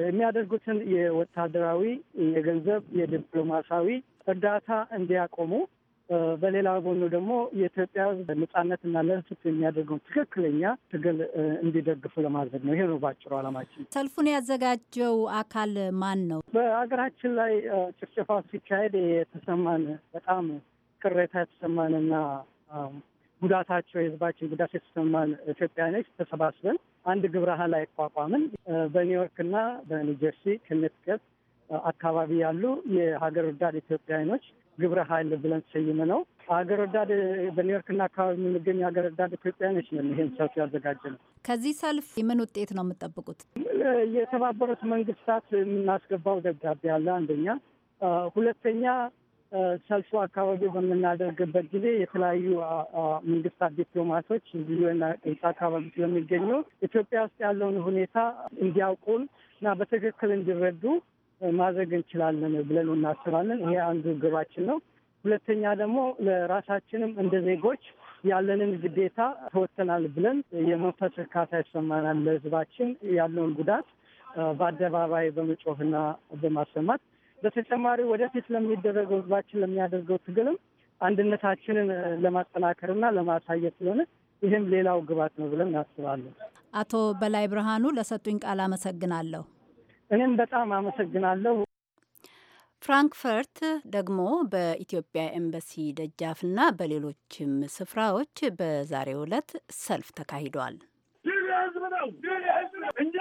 የሚያደርጉትን የወታደራዊ፣ የገንዘብ፣ የዲፕሎማሲያዊ እርዳታ እንዲያቆሙ በሌላ ጎኑ ደግሞ የኢትዮጵያ ነጻነትና ለፍትህ የሚያደርገው ትክክለኛ ትግል እንዲደግፉ ለማድረግ ነው። ይሄ ነው ባጭሩ አላማችን። ሰልፉን ያዘጋጀው አካል ማን ነው? በሀገራችን ላይ ጭፍጨፋ ሲካሄድ የተሰማን በጣም ቅሬታ የተሰማንና ጉዳታቸው የህዝባችን ጉዳት የተሰማን ኢትዮጵያኖች ተሰባስበን አንድ ግብረሃ ላይ አቋቋምን። በኒውዮርክና በኒውጀርሲ ክኔቲከት አካባቢ ያሉ የሀገር ወዳድ ኢትዮጵያኖች ግብረ ኃይል ብለን ሰይመ ነው አገር ወዳድ በኒውዮርክና አካባቢ የምንገኝ ሀገር ወዳድ ኢትዮጵያኖች ነን። ይህን ሰልፍ ያዘጋጀ ነው። ከዚህ ሰልፍ የምን ውጤት ነው የምጠብቁት? የተባበሩት መንግስታት የምናስገባው ደብዳቤ አለ አንደኛ። ሁለተኛ ሰልፉ አካባቢ በምናደርግበት ጊዜ የተለያዩ መንግስታት ዲፕሎማቶች ዩና አካባቢ ስለሚገኙ ኢትዮጵያ ውስጥ ያለውን ሁኔታ እንዲያውቁን እና በትክክል እንዲረዱ ማድረግ እንችላለን ብለን እናስባለን። ይሄ አንዱ ግባችን ነው። ሁለተኛ ደግሞ ለራሳችንም እንደ ዜጎች ያለንን ግዴታ ተወጥተናል ብለን የመንፈስ እርካታ ይሰማናል። ለሕዝባችን ያለውን ጉዳት በአደባባይ በመጮህና በማሰማት በተጨማሪ ወደፊት ለሚደረገው ሕዝባችን ለሚያደርገው ትግልም አንድነታችንን ለማጠናከርና ለማሳየት ስለሆነ ይህም ሌላው ግባት ነው ብለን እናስባለን። አቶ በላይ ብርሃኑ ለሰጡኝ ቃል አመሰግናለሁ። እኔም በጣም አመሰግናለሁ። ፍራንክፈርት ደግሞ በኢትዮጵያ ኤምባሲ ደጃፍና በሌሎችም ስፍራዎች በዛሬው ዕለት ሰልፍ ተካሂዷል። ህዝብ ነው እኛ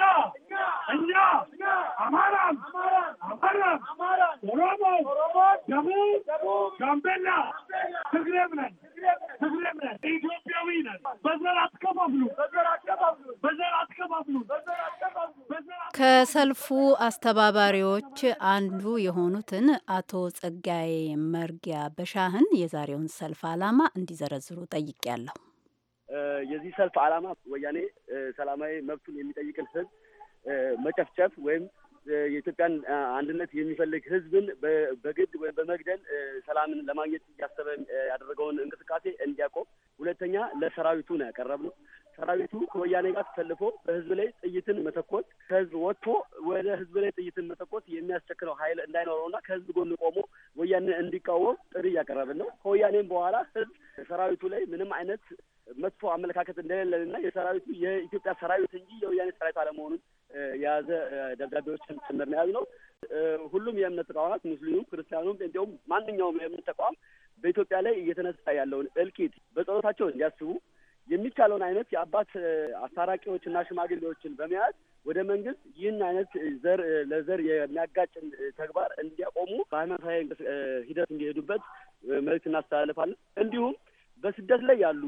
እኛ እኛ አማራም አማራ፣ ኦሮሞ፣ ደቡብ፣ ጋምቤላ ትግሬም ነን ትግሬም ነን ኢትዮጵያዊ ነን። በዘር አትከፋፍሉ፣ በዘር አትከፋፍሉ። ከሰልፉ አስተባባሪዎች አንዱ የሆኑትን አቶ ጸጋዬ መርጊያ በሻህን የዛሬውን ሰልፍ ዓላማ እንዲዘረዝሩ ጠይቄያለሁ። የዚህ ሰልፍ ዓላማ ወያኔ ሰላማዊ መብቱን የሚጠይቅን ህዝብ መጨፍጨፍ ወይም የኢትዮጵያን አንድነት የሚፈልግ ህዝብን በግድ ወይም በመግደል ሰላምን ለማግኘት እያሰበ ያደረገውን እንቅስቃሴ እንዲያቆም፣ ሁለተኛ ለሰራዊቱ ነው ያቀረብነው። ሰራዊቱ ከወያኔ ጋር ተሰልፎ በህዝብ ላይ ጥይትን መተኮስ ከህዝብ ወጥቶ ወደ ህዝብ ላይ ጥይትን መተኮስ የሚያስቸክለው ኃይል እንዳይኖረውና ከህዝብ ጎን ቆሞ ወያኔ እንዲቃወም ጥሪ እያቀረብን ነው። ከወያኔም በኋላ ህዝብ ሰራዊቱ ላይ ምንም አይነት መጥፎ አመለካከት እንደሌለንና የሰራዊቱ የኢትዮጵያ ሰራዊት እንጂ የወያኔ ሰራዊት አለመሆኑን የያዘ ደብዳቤዎችን ጭምር ነው ያዝ ነው። ሁሉም የእምነት ተቋማት ሙስሊሙም፣ ክርስቲያኑም፣ እንዲሁም ማንኛውም የእምነት ተቋም በኢትዮጵያ ላይ እየተነሳ ያለውን እልቂት በጸሎታቸው እንዲያስቡ የሚቻለውን አይነት የአባት አስታራቂዎችና ሽማግሌዎችን በመያዝ ወደ መንግስት ይህን አይነት ዘር ለዘር የሚያጋጭን ተግባር እንዲያቆሙ በሃይማኖታዊ ሂደት እንዲሄዱበት መልዕክት እናስተላልፋለን። እንዲሁም በስደት ላይ ያሉ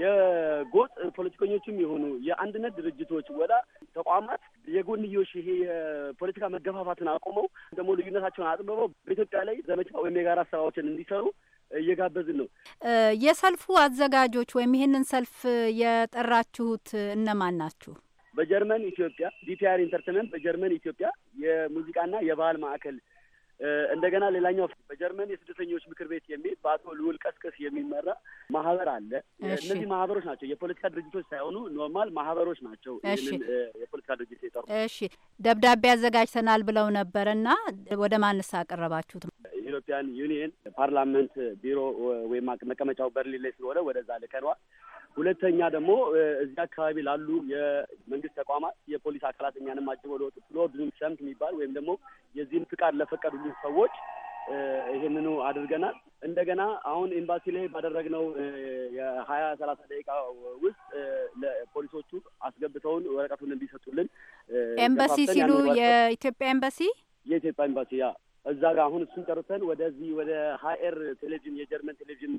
የጎጥ ፖለቲከኞችም የሆኑ የአንድነት ድርጅቶች ወላ ተቋማት የጎንዮሽ ይሄ የፖለቲካ መገፋፋትን አቁመው ደግሞ ልዩነታቸውን አጥብበው በኢትዮጵያ ላይ ዘመቻ ወይም የጋራ ስራዎችን እንዲሰሩ እየጋበዝን ነው። የሰልፉ አዘጋጆች ወይም ይህንን ሰልፍ የጠራችሁት እነማን ናችሁ? በጀርመን ኢትዮጵያ ዲፒአር ኢንተርቴንመንት በጀርመን ኢትዮጵያ የሙዚቃና የባህል ማዕከል እንደገና ሌላኛው በጀርመን የስደተኞች ምክር ቤት የሚል በአቶ ልውል ቀስቀስ የሚመራ ማህበር አለ። እነዚህ ማህበሮች ናቸው የፖለቲካ ድርጅቶች ሳይሆኑ ኖርማል ማህበሮች ናቸው። የፖለቲካ ድርጅት የጠሩ። እሺ ደብዳቤ አዘጋጅተናል ብለው ነበር እና ወደ ማንስ አቀረባችሁት? ኢትዮጵያን ዩኒየን ፓርላመንት ቢሮ ወይም መቀመጫው በርሊን ላይ ስለሆነ ወደዛ ልከነዋል። ሁለተኛ ደግሞ እዚህ አካባቢ ላሉ የመንግስት ተቋማት የፖሊስ አካላት እኛንም አጅበው ለወጡ ሎርድን ሰምት የሚባል ወይም ደግሞ የዚህን ፍቃድ ለፈቀዱልን ሰዎች ይህንኑ አድርገናል። እንደገና አሁን ኤምባሲ ላይ ባደረግነው የሀያ ሰላሳ ደቂቃ ውስጥ ለፖሊሶቹ አስገብተውን ወረቀቱን እንዲሰጡልን ኤምባሲ ሲሉ የኢትዮጵያ ኤምባሲ የኢትዮጵያ ኤምባሲ ያ እዛ ጋር አሁን እሱን ጨርሰን ወደዚህ ወደ ሀኤር ቴሌቪዥን የጀርመን ቴሌቪዥን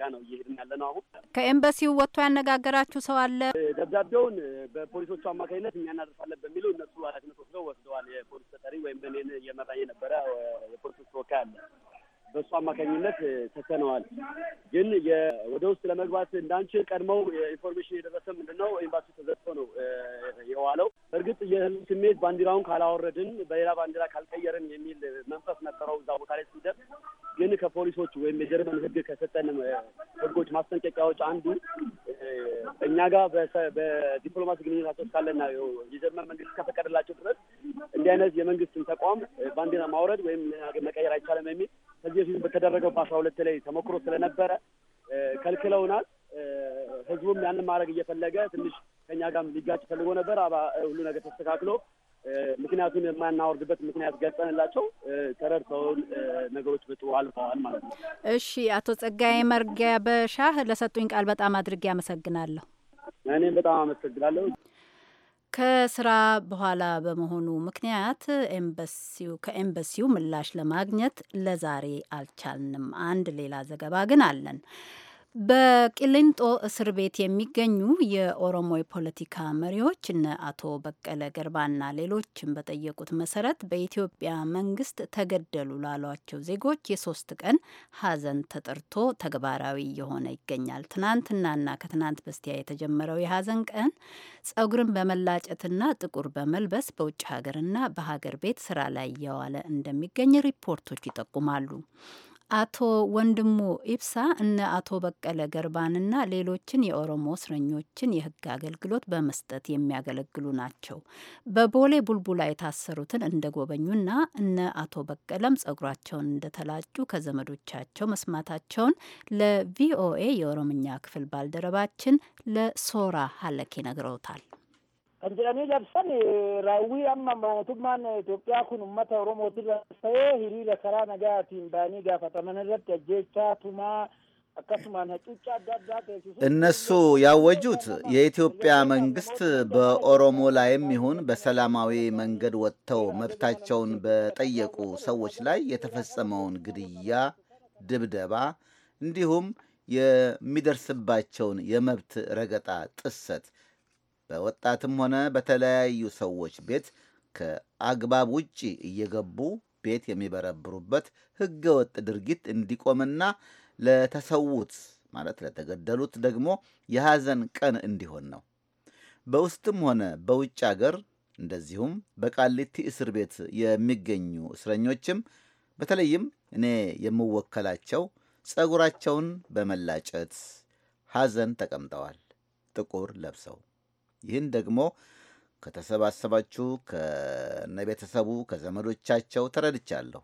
ጋር ነው እየሄድን ያለ ነው። አሁን ከኤምባሲው ወጥቶ ያነጋገራችሁ ሰው አለ? ደብዳቤውን በፖሊሶቹ አማካኝነት እኛ እናደርሳለን በሚለው እነሱ ኃላፊነት ወስደው ወስደዋል። የፖሊስ ተጠሪ ወይም በኔን እየመራኝ የነበረ የፖሊሶች ተወካይ አለ በእሱ አማካኝነት ተሰነዋል። ግን ወደ ውስጥ ለመግባት እንዳንችል ቀድመው ኢንፎርሜሽን የደረሰ ምንድን ነው ኤምባሲ ተዘግቶ ነው የዋለው። በእርግጥ የህዝቡ ስሜት ባንዲራውን ካላወረድን፣ በሌላ ባንዲራ ካልቀየርን የሚል መንፈስ ነበረው እዛ ቦታ ላይ ሲደርስ። ግን ከፖሊሶች ወይም የጀርመን ህግ ከሰጠን ህጎች ማስጠንቀቂያዎች አንዱ እኛ ጋር በዲፕሎማሲ ግንኙነታቸው እስካለና የጀርመን መንግስት ከፈቀደላቸው ድረስ እንዲህ አይነት የመንግስትን ተቋም ባንዲራ ማውረድ ወይም መቀየር አይቻልም የሚል ከዚህ በፊት በተደረገው በአስራ ሁለት ላይ ተሞክሮ ስለነበረ ከልክለውናል። ህዝቡም ያንን ማድረግ እየፈለገ ትንሽ ከኛ ጋር ሊጋጭ ፈልጎ ነበር። ሁሉ ነገር ተስተካክሎ ምክንያቱን የማናወርድበት ምክንያት ገልጸንላቸው ተረድተውን ነገሮች በጥሩ አልፈዋል ማለት ነው። እሺ፣ አቶ ጸጋዬ መርጊያ በሻህ ለሰጡኝ ቃል በጣም አድርጌ አመሰግናለሁ። እኔም በጣም አመሰግናለሁ። ከስራ በኋላ በመሆኑ ምክንያት ኤምባሲው ከኤምባሲው ምላሽ ለማግኘት ለዛሬ አልቻልንም። አንድ ሌላ ዘገባ ግን አለን። በቅሊንጦ እስር ቤት የሚገኙ የኦሮሞ የፖለቲካ መሪዎች እነ አቶ በቀለ ገርባና ሌሎችን በጠየቁት መሰረት በኢትዮጵያ መንግስት ተገደሉ ላሏቸው ዜጎች የሶስት ቀን ሀዘን ተጠርቶ ተግባራዊ የሆነ ይገኛል። ትናንትናና ከትናንት በስቲያ የተጀመረው የሀዘን ቀን ጸጉርን በመላጨትና ጥቁር በመልበስ በውጭ ሀገርና በሀገር ቤት ስራ ላይ እየዋለ እንደሚገኝ ሪፖርቶች ይጠቁማሉ። አቶ ወንድሙ ኢብሳ እነ አቶ በቀለ ገርባንና ሌሎችን የኦሮሞ እስረኞችን የህግ አገልግሎት በመስጠት የሚያገለግሉ ናቸው። በቦሌ ቡልቡላ የታሰሩትን እንደጎበኙና እነ አቶ በቀለም ጸጉራቸውን እንደተላጩ ከዘመዶቻቸው መስማታቸውን ለቪኦኤ የኦሮምኛ ክፍል ባልደረባችን ለሶራ ሀለኬ ነግረውታል። kan jedhanii labsan raawwii amma mootummaan Itoophiyaa kun uummata Oromootirra ta'ee hiriira karaa nagaatiin ba'anii gaafataman irratti ajjeechaa tumaa akkasumaan hacuucca adda addaa teessisu እነሱ ያወጁት የኢትዮጵያ መንግስት በኦሮሞ ላይም ይሁን በሰላማዊ መንገድ ወጥተው መብታቸውን በጠየቁ ሰዎች ላይ የተፈጸመውን ግድያ፣ ድብደባ እንዲሁም የሚደርስባቸውን የመብት ረገጣ ጥሰት በወጣትም ሆነ በተለያዩ ሰዎች ቤት ከአግባብ ውጪ እየገቡ ቤት የሚበረብሩበት ህገወጥ ድርጊት እንዲቆምና ለተሰዉት ማለት ለተገደሉት ደግሞ የሐዘን ቀን እንዲሆን ነው። በውስጥም ሆነ በውጭ አገር እንደዚሁም በቃሊቲ እስር ቤት የሚገኙ እስረኞችም በተለይም እኔ የምወከላቸው ጸጉራቸውን በመላጨት ሐዘን ተቀምጠዋል። ጥቁር ለብሰው ይህን ደግሞ ከተሰባሰባችሁ ከነቤተሰቡ ከዘመዶቻቸው ተረድቻለሁ።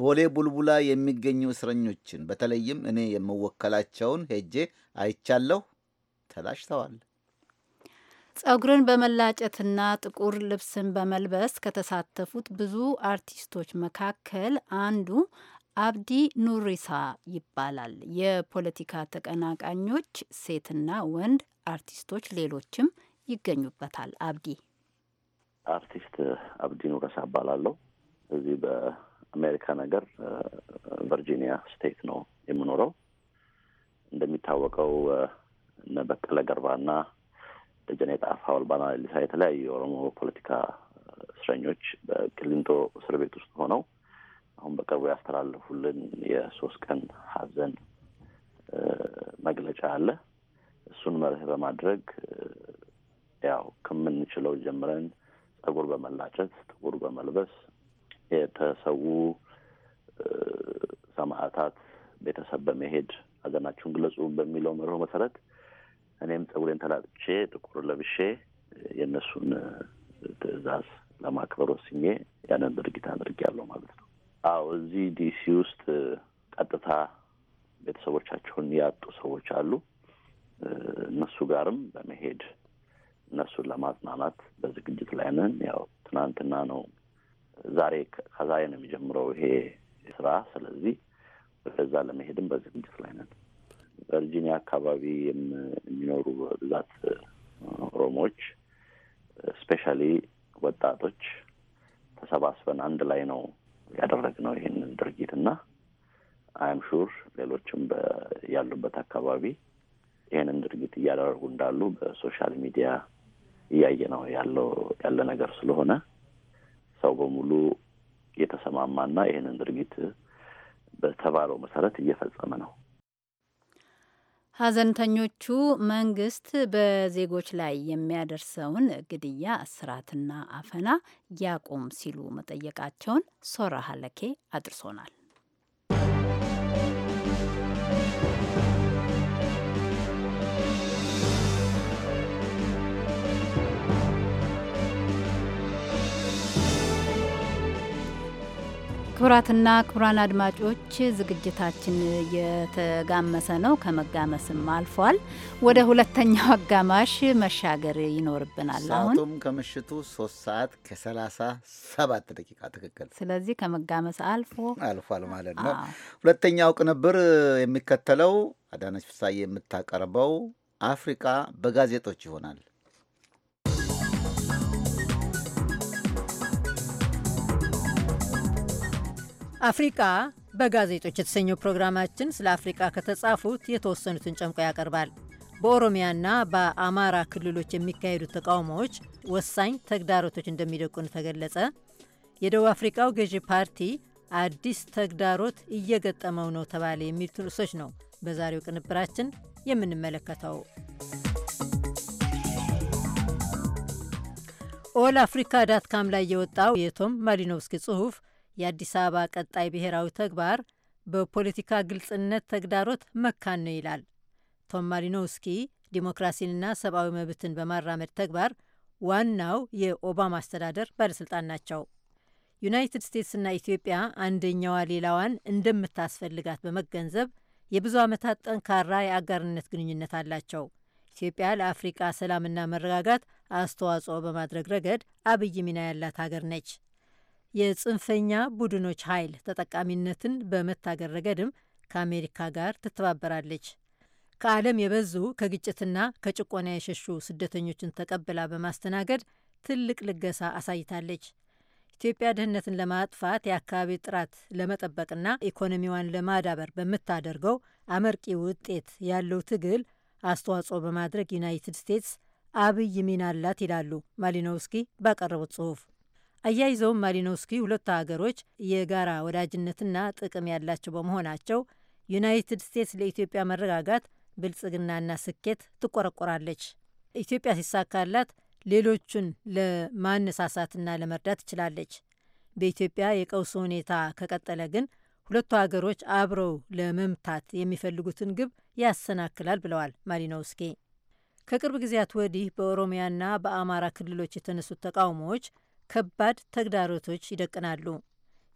ቦሌ ቡልቡላ የሚገኙ እስረኞችን በተለይም እኔ የምወከላቸውን ሄጄ አይቻለሁ። ተላሽተዋል። ጸጉርን በመላጨትና ጥቁር ልብስን በመልበስ ከተሳተፉት ብዙ አርቲስቶች መካከል አንዱ አብዲ ኑሪሳ ይባላል። የፖለቲካ ተቀናቃኞች ሴትና ወንድ አርቲስቶች፣ ሌሎችም ይገኙበታል። አብዲ አርቲስት አብዲ ኑረሳ እባላለሁ። እዚህ በአሜሪካ ነገር ቨርጂኒያ ስቴት ነው የምኖረው። እንደሚታወቀው እነ በቀለ ገርባና ደጀኔ ጣፋ፣ ወልባና ሌሊሳ የተለያዩ የኦሮሞ ፖለቲካ እስረኞች በቅሊንጦ እስር ቤት ውስጥ ሆነው አሁን በቅርቡ ያስተላለፉልን የሶስት ቀን ሀዘን መግለጫ አለ። እሱን መርህ በማድረግ ያው ከምንችለው ጀምረን ጸጉር በመላጨት ጥቁር በመልበስ የተሰዉ ሰማዕታት ቤተሰብ በመሄድ ሀዘናችሁን ግለጹ በሚለው መርህ መሰረት እኔም ጸጉሬን ተላጥቼ ጥቁር ለብሼ የእነሱን ትዕዛዝ ለማክበር ወስኜ ያንን ድርጊት አድርጌያለሁ ማለት ነው። አዎ እዚህ ዲሲ ውስጥ ቀጥታ ቤተሰቦቻቸውን ያጡ ሰዎች አሉ። እነሱ ጋርም በመሄድ እነሱን ለማጽናናት በዝግጅት ላይ ነን። ያው ትናንትና ነው ዛሬ ከዛሬ ነው የሚጀምረው ይሄ ስራ። ስለዚህ ወደዛ ለመሄድም በዝግጅት ላይ ነን። ቨርጂኒያ አካባቢ የሚኖሩ በብዛት ኦሮሞዎች ስፔሻሊ ወጣቶች ተሰባስበን አንድ ላይ ነው ያደረግነው ይህንን ድርጊት እና አይም ሹር ሌሎችም ያሉበት አካባቢ ይህንን ድርጊት እያደረጉ እንዳሉ በሶሻል ሚዲያ እያየ ነው ያለው ያለ ነገር ስለሆነ ሰው በሙሉ የተሰማማና ይህንን ድርጊት በተባለው መሰረት እየፈጸመ ነው። ሀዘንተኞቹ መንግስት በዜጎች ላይ የሚያደርሰውን ግድያ፣ እስራትና አፈና ያቁም ሲሉ መጠየቃቸውን ሶራ ሀለኬ አድርሶናል። ክቡራትና ክቡራን አድማጮች ዝግጅታችን እየተጋመሰ ነው፣ ከመጋመስም አልፏል። ወደ ሁለተኛው አጋማሽ መሻገር ይኖርብናል። አሁን ከምሽቱ ሶስት ሰዓት ከሰላሳ ሰባት ደቂቃ ትክክል። ስለዚህ ከመጋመስ አልፎ አልፏል ማለት ነው። ሁለተኛው ቅንብር የሚከተለው አዳነች ፍሳዬ የምታቀርበው አፍሪቃ በጋዜጦች ይሆናል። አፍሪቃ በጋዜጦች የተሰኘው ፕሮግራማችን ስለ አፍሪቃ ከተጻፉት የተወሰኑትን ጨምቆ ያቀርባል። በኦሮሚያና በአማራ ክልሎች የሚካሄዱት ተቃውሞዎች ወሳኝ ተግዳሮቶች እንደሚደቁን ተገለጸ። የደቡብ አፍሪቃው ገዢ ፓርቲ አዲስ ተግዳሮት እየገጠመው ነው ተባለ የሚሉት ርዕሶች ነው በዛሬው ቅንብራችን የምንመለከተው። ኦል አፍሪካ ዳትካም ላይ የወጣው የቶም ማሊኖቭስኪ ጽሑፍ የአዲስ አበባ ቀጣይ ብሔራዊ ተግባር በፖለቲካ ግልጽነት ተግዳሮት መካን ነው ይላል። ቶም ማሊኖውስኪ ዲሞክራሲንና ሰብአዊ መብትን በማራመድ ተግባር ዋናው የኦባማ አስተዳደር ባለሥልጣን ናቸው። ዩናይትድ ስቴትስና ኢትዮጵያ አንደኛዋ ሌላዋን እንደምታስፈልጋት በመገንዘብ የብዙ ዓመታት ጠንካራ የአጋርነት ግንኙነት አላቸው። ኢትዮጵያ ለአፍሪቃ ሰላምና መረጋጋት አስተዋጽኦ በማድረግ ረገድ አብይ ሚና ያላት ሀገር ነች። የጽንፈኛ ቡድኖች ኃይል ተጠቃሚነትን በመታገር ረገድም ከአሜሪካ ጋር ትተባበራለች። ከዓለም የበዙ ከግጭትና ከጭቆና የሸሹ ስደተኞችን ተቀብላ በማስተናገድ ትልቅ ልገሳ አሳይታለች። ኢትዮጵያ ድህነትን ለማጥፋት የአካባቢ ጥራት ለመጠበቅና ኢኮኖሚዋን ለማዳበር በምታደርገው አመርቂ ውጤት ያለው ትግል አስተዋጽኦ በማድረግ ዩናይትድ ስቴትስ አብይ ሚና አላት ይላሉ ማሊኖውስኪ ባቀረቡት ጽሑፍ። አያይዘውም ማሊኖስኪ ሁለቱ ሀገሮች የጋራ ወዳጅነትና ጥቅም ያላቸው በመሆናቸው ዩናይትድ ስቴትስ ለኢትዮጵያ መረጋጋት፣ ብልጽግናና ስኬት ትቆረቆራለች። ኢትዮጵያ ሲሳካላት ሌሎቹን ለማነሳሳትና ለመርዳት ትችላለች። በኢትዮጵያ የቀውስ ሁኔታ ከቀጠለ ግን ሁለቱ ሀገሮች አብረው ለመምታት የሚፈልጉትን ግብ ያሰናክላል ብለዋል ማሊኖውስኪ። ከቅርብ ጊዜያት ወዲህ በኦሮሚያና በአማራ ክልሎች የተነሱት ተቃውሞዎች ከባድ ተግዳሮቶች ይደቅናሉ።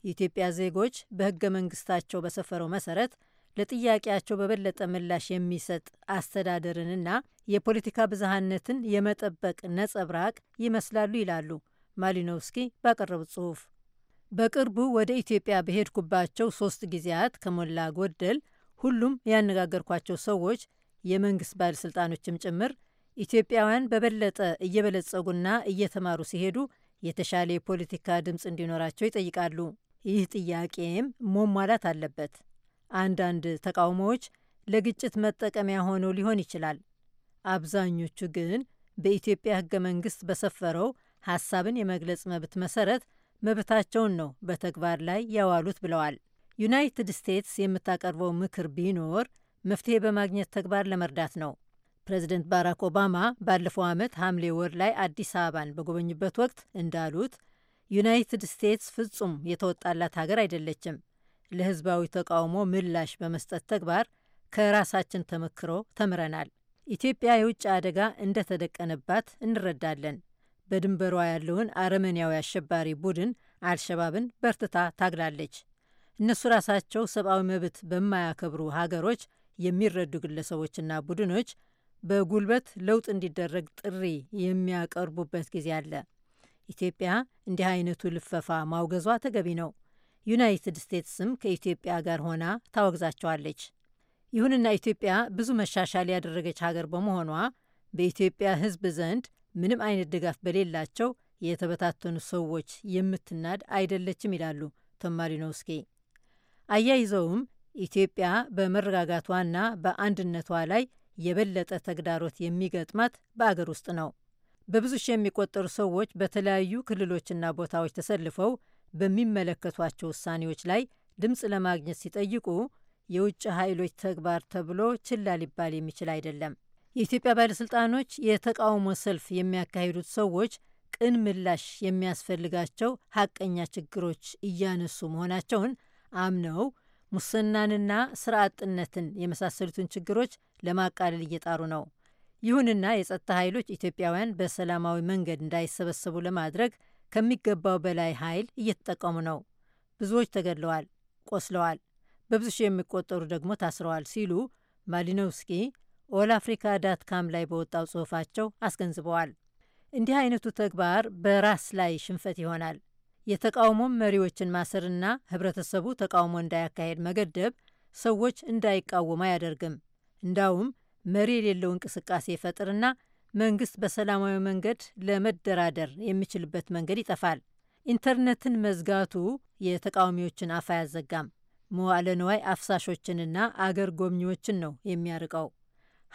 የኢትዮጵያ ዜጎች በህገ መንግስታቸው በሰፈረው መሰረት ለጥያቄያቸው በበለጠ ምላሽ የሚሰጥ አስተዳደርንና የፖለቲካ ብዝሃነትን የመጠበቅ ነጸብራቅ ይመስላሉ ይላሉ ማሊኖቭስኪ ባቀረቡት ጽሑፍ። በቅርቡ ወደ ኢትዮጵያ በሄድኩባቸው ሶስት ጊዜያት ከሞላ ጎደል ሁሉም ያነጋገርኳቸው ሰዎች የመንግስት ባለሥልጣኖችም ጭምር ኢትዮጵያውያን በበለጠ እየበለጸጉና እየተማሩ ሲሄዱ የተሻለ የፖለቲካ ድምፅ እንዲኖራቸው ይጠይቃሉ። ይህ ጥያቄም መሟላት አለበት። አንዳንድ ተቃውሞዎች ለግጭት መጠቀሚያ ሆነው ሊሆን ይችላል። አብዛኞቹ ግን በኢትዮጵያ ሕገ መንግስት በሰፈረው ሀሳብን የመግለጽ መብት መሰረት መብታቸውን ነው በተግባር ላይ ያዋሉት ብለዋል። ዩናይትድ ስቴትስ የምታቀርበው ምክር ቢኖር መፍትሄ በማግኘት ተግባር ለመርዳት ነው። ፕሬዚደንት ባራክ ኦባማ ባለፈው ዓመት ሐምሌ ወር ላይ አዲስ አበባን በጎበኙበት ወቅት እንዳሉት ዩናይትድ ስቴትስ ፍጹም የተወጣላት ሀገር አይደለችም። ለሕዝባዊ ተቃውሞ ምላሽ በመስጠት ተግባር ከራሳችን ተመክሮ ተምረናል። ኢትዮጵያ የውጭ አደጋ እንደተደቀነባት እንረዳለን። በድንበሯ ያለውን አረመኔያዊ አሸባሪ ቡድን አልሸባብን በርትታ ታግላለች። እነሱ ራሳቸው ሰብአዊ መብት በማያከብሩ ሀገሮች የሚረዱ ግለሰቦችና ቡድኖች በጉልበት ለውጥ እንዲደረግ ጥሪ የሚያቀርቡበት ጊዜ አለ። ኢትዮጵያ እንዲህ አይነቱ ልፈፋ ማውገዟ ተገቢ ነው። ዩናይትድ ስቴትስም ከኢትዮጵያ ጋር ሆና ታወግዛቸዋለች። ይሁንና ኢትዮጵያ ብዙ መሻሻል ያደረገች ሀገር በመሆኗ በኢትዮጵያ ሕዝብ ዘንድ ምንም አይነት ድጋፍ በሌላቸው የተበታተኑ ሰዎች የምትናድ አይደለችም ይላሉ ቶማሊኖስኪ። አያይዘውም ኢትዮጵያ በመረጋጋቷና በአንድነቷ ላይ የበለጠ ተግዳሮት የሚገጥማት በአገር ውስጥ ነው። በብዙ ሺህ የሚቆጠሩ ሰዎች በተለያዩ ክልሎችና ቦታዎች ተሰልፈው በሚመለከቷቸው ውሳኔዎች ላይ ድምፅ ለማግኘት ሲጠይቁ የውጭ ኃይሎች ተግባር ተብሎ ችላ ሊባል የሚችል አይደለም። የኢትዮጵያ ባለሥልጣኖች የተቃውሞ ሰልፍ የሚያካሂዱት ሰዎች ቅን ምላሽ የሚያስፈልጋቸው ሀቀኛ ችግሮች እያነሱ መሆናቸውን አምነው ሙስናንና ስራ አጥነትን የመሳሰሉትን ችግሮች ለማቃለል እየጣሩ ነው። ይሁንና የጸጥታ ኃይሎች ኢትዮጵያውያን በሰላማዊ መንገድ እንዳይሰበሰቡ ለማድረግ ከሚገባው በላይ ኃይል እየተጠቀሙ ነው። ብዙዎች ተገድለዋል፣ ቆስለዋል፣ በብዙ ሺህ የሚቆጠሩ ደግሞ ታስረዋል ሲሉ ማሊኖውስኪ ኦል አፍሪካ ዳት ካም ላይ በወጣው ጽሑፋቸው አስገንዝበዋል። እንዲህ አይነቱ ተግባር በራስ ላይ ሽንፈት ይሆናል። የተቃውሞም መሪዎችን ማሰርና ህብረተሰቡ ተቃውሞ እንዳያካሄድ መገደብ ሰዎች እንዳይቃወሙ አያደርግም። እንዳውም መሪ የሌለው እንቅስቃሴ ይፈጥርና መንግስት በሰላማዊ መንገድ ለመደራደር የሚችልበት መንገድ ይጠፋል። ኢንተርኔትን መዝጋቱ የተቃዋሚዎችን አፍ አያዘጋም፣ መዋለ ንዋይ አፍሳሾችንና አገር ጎብኚዎችን ነው የሚያርቀው።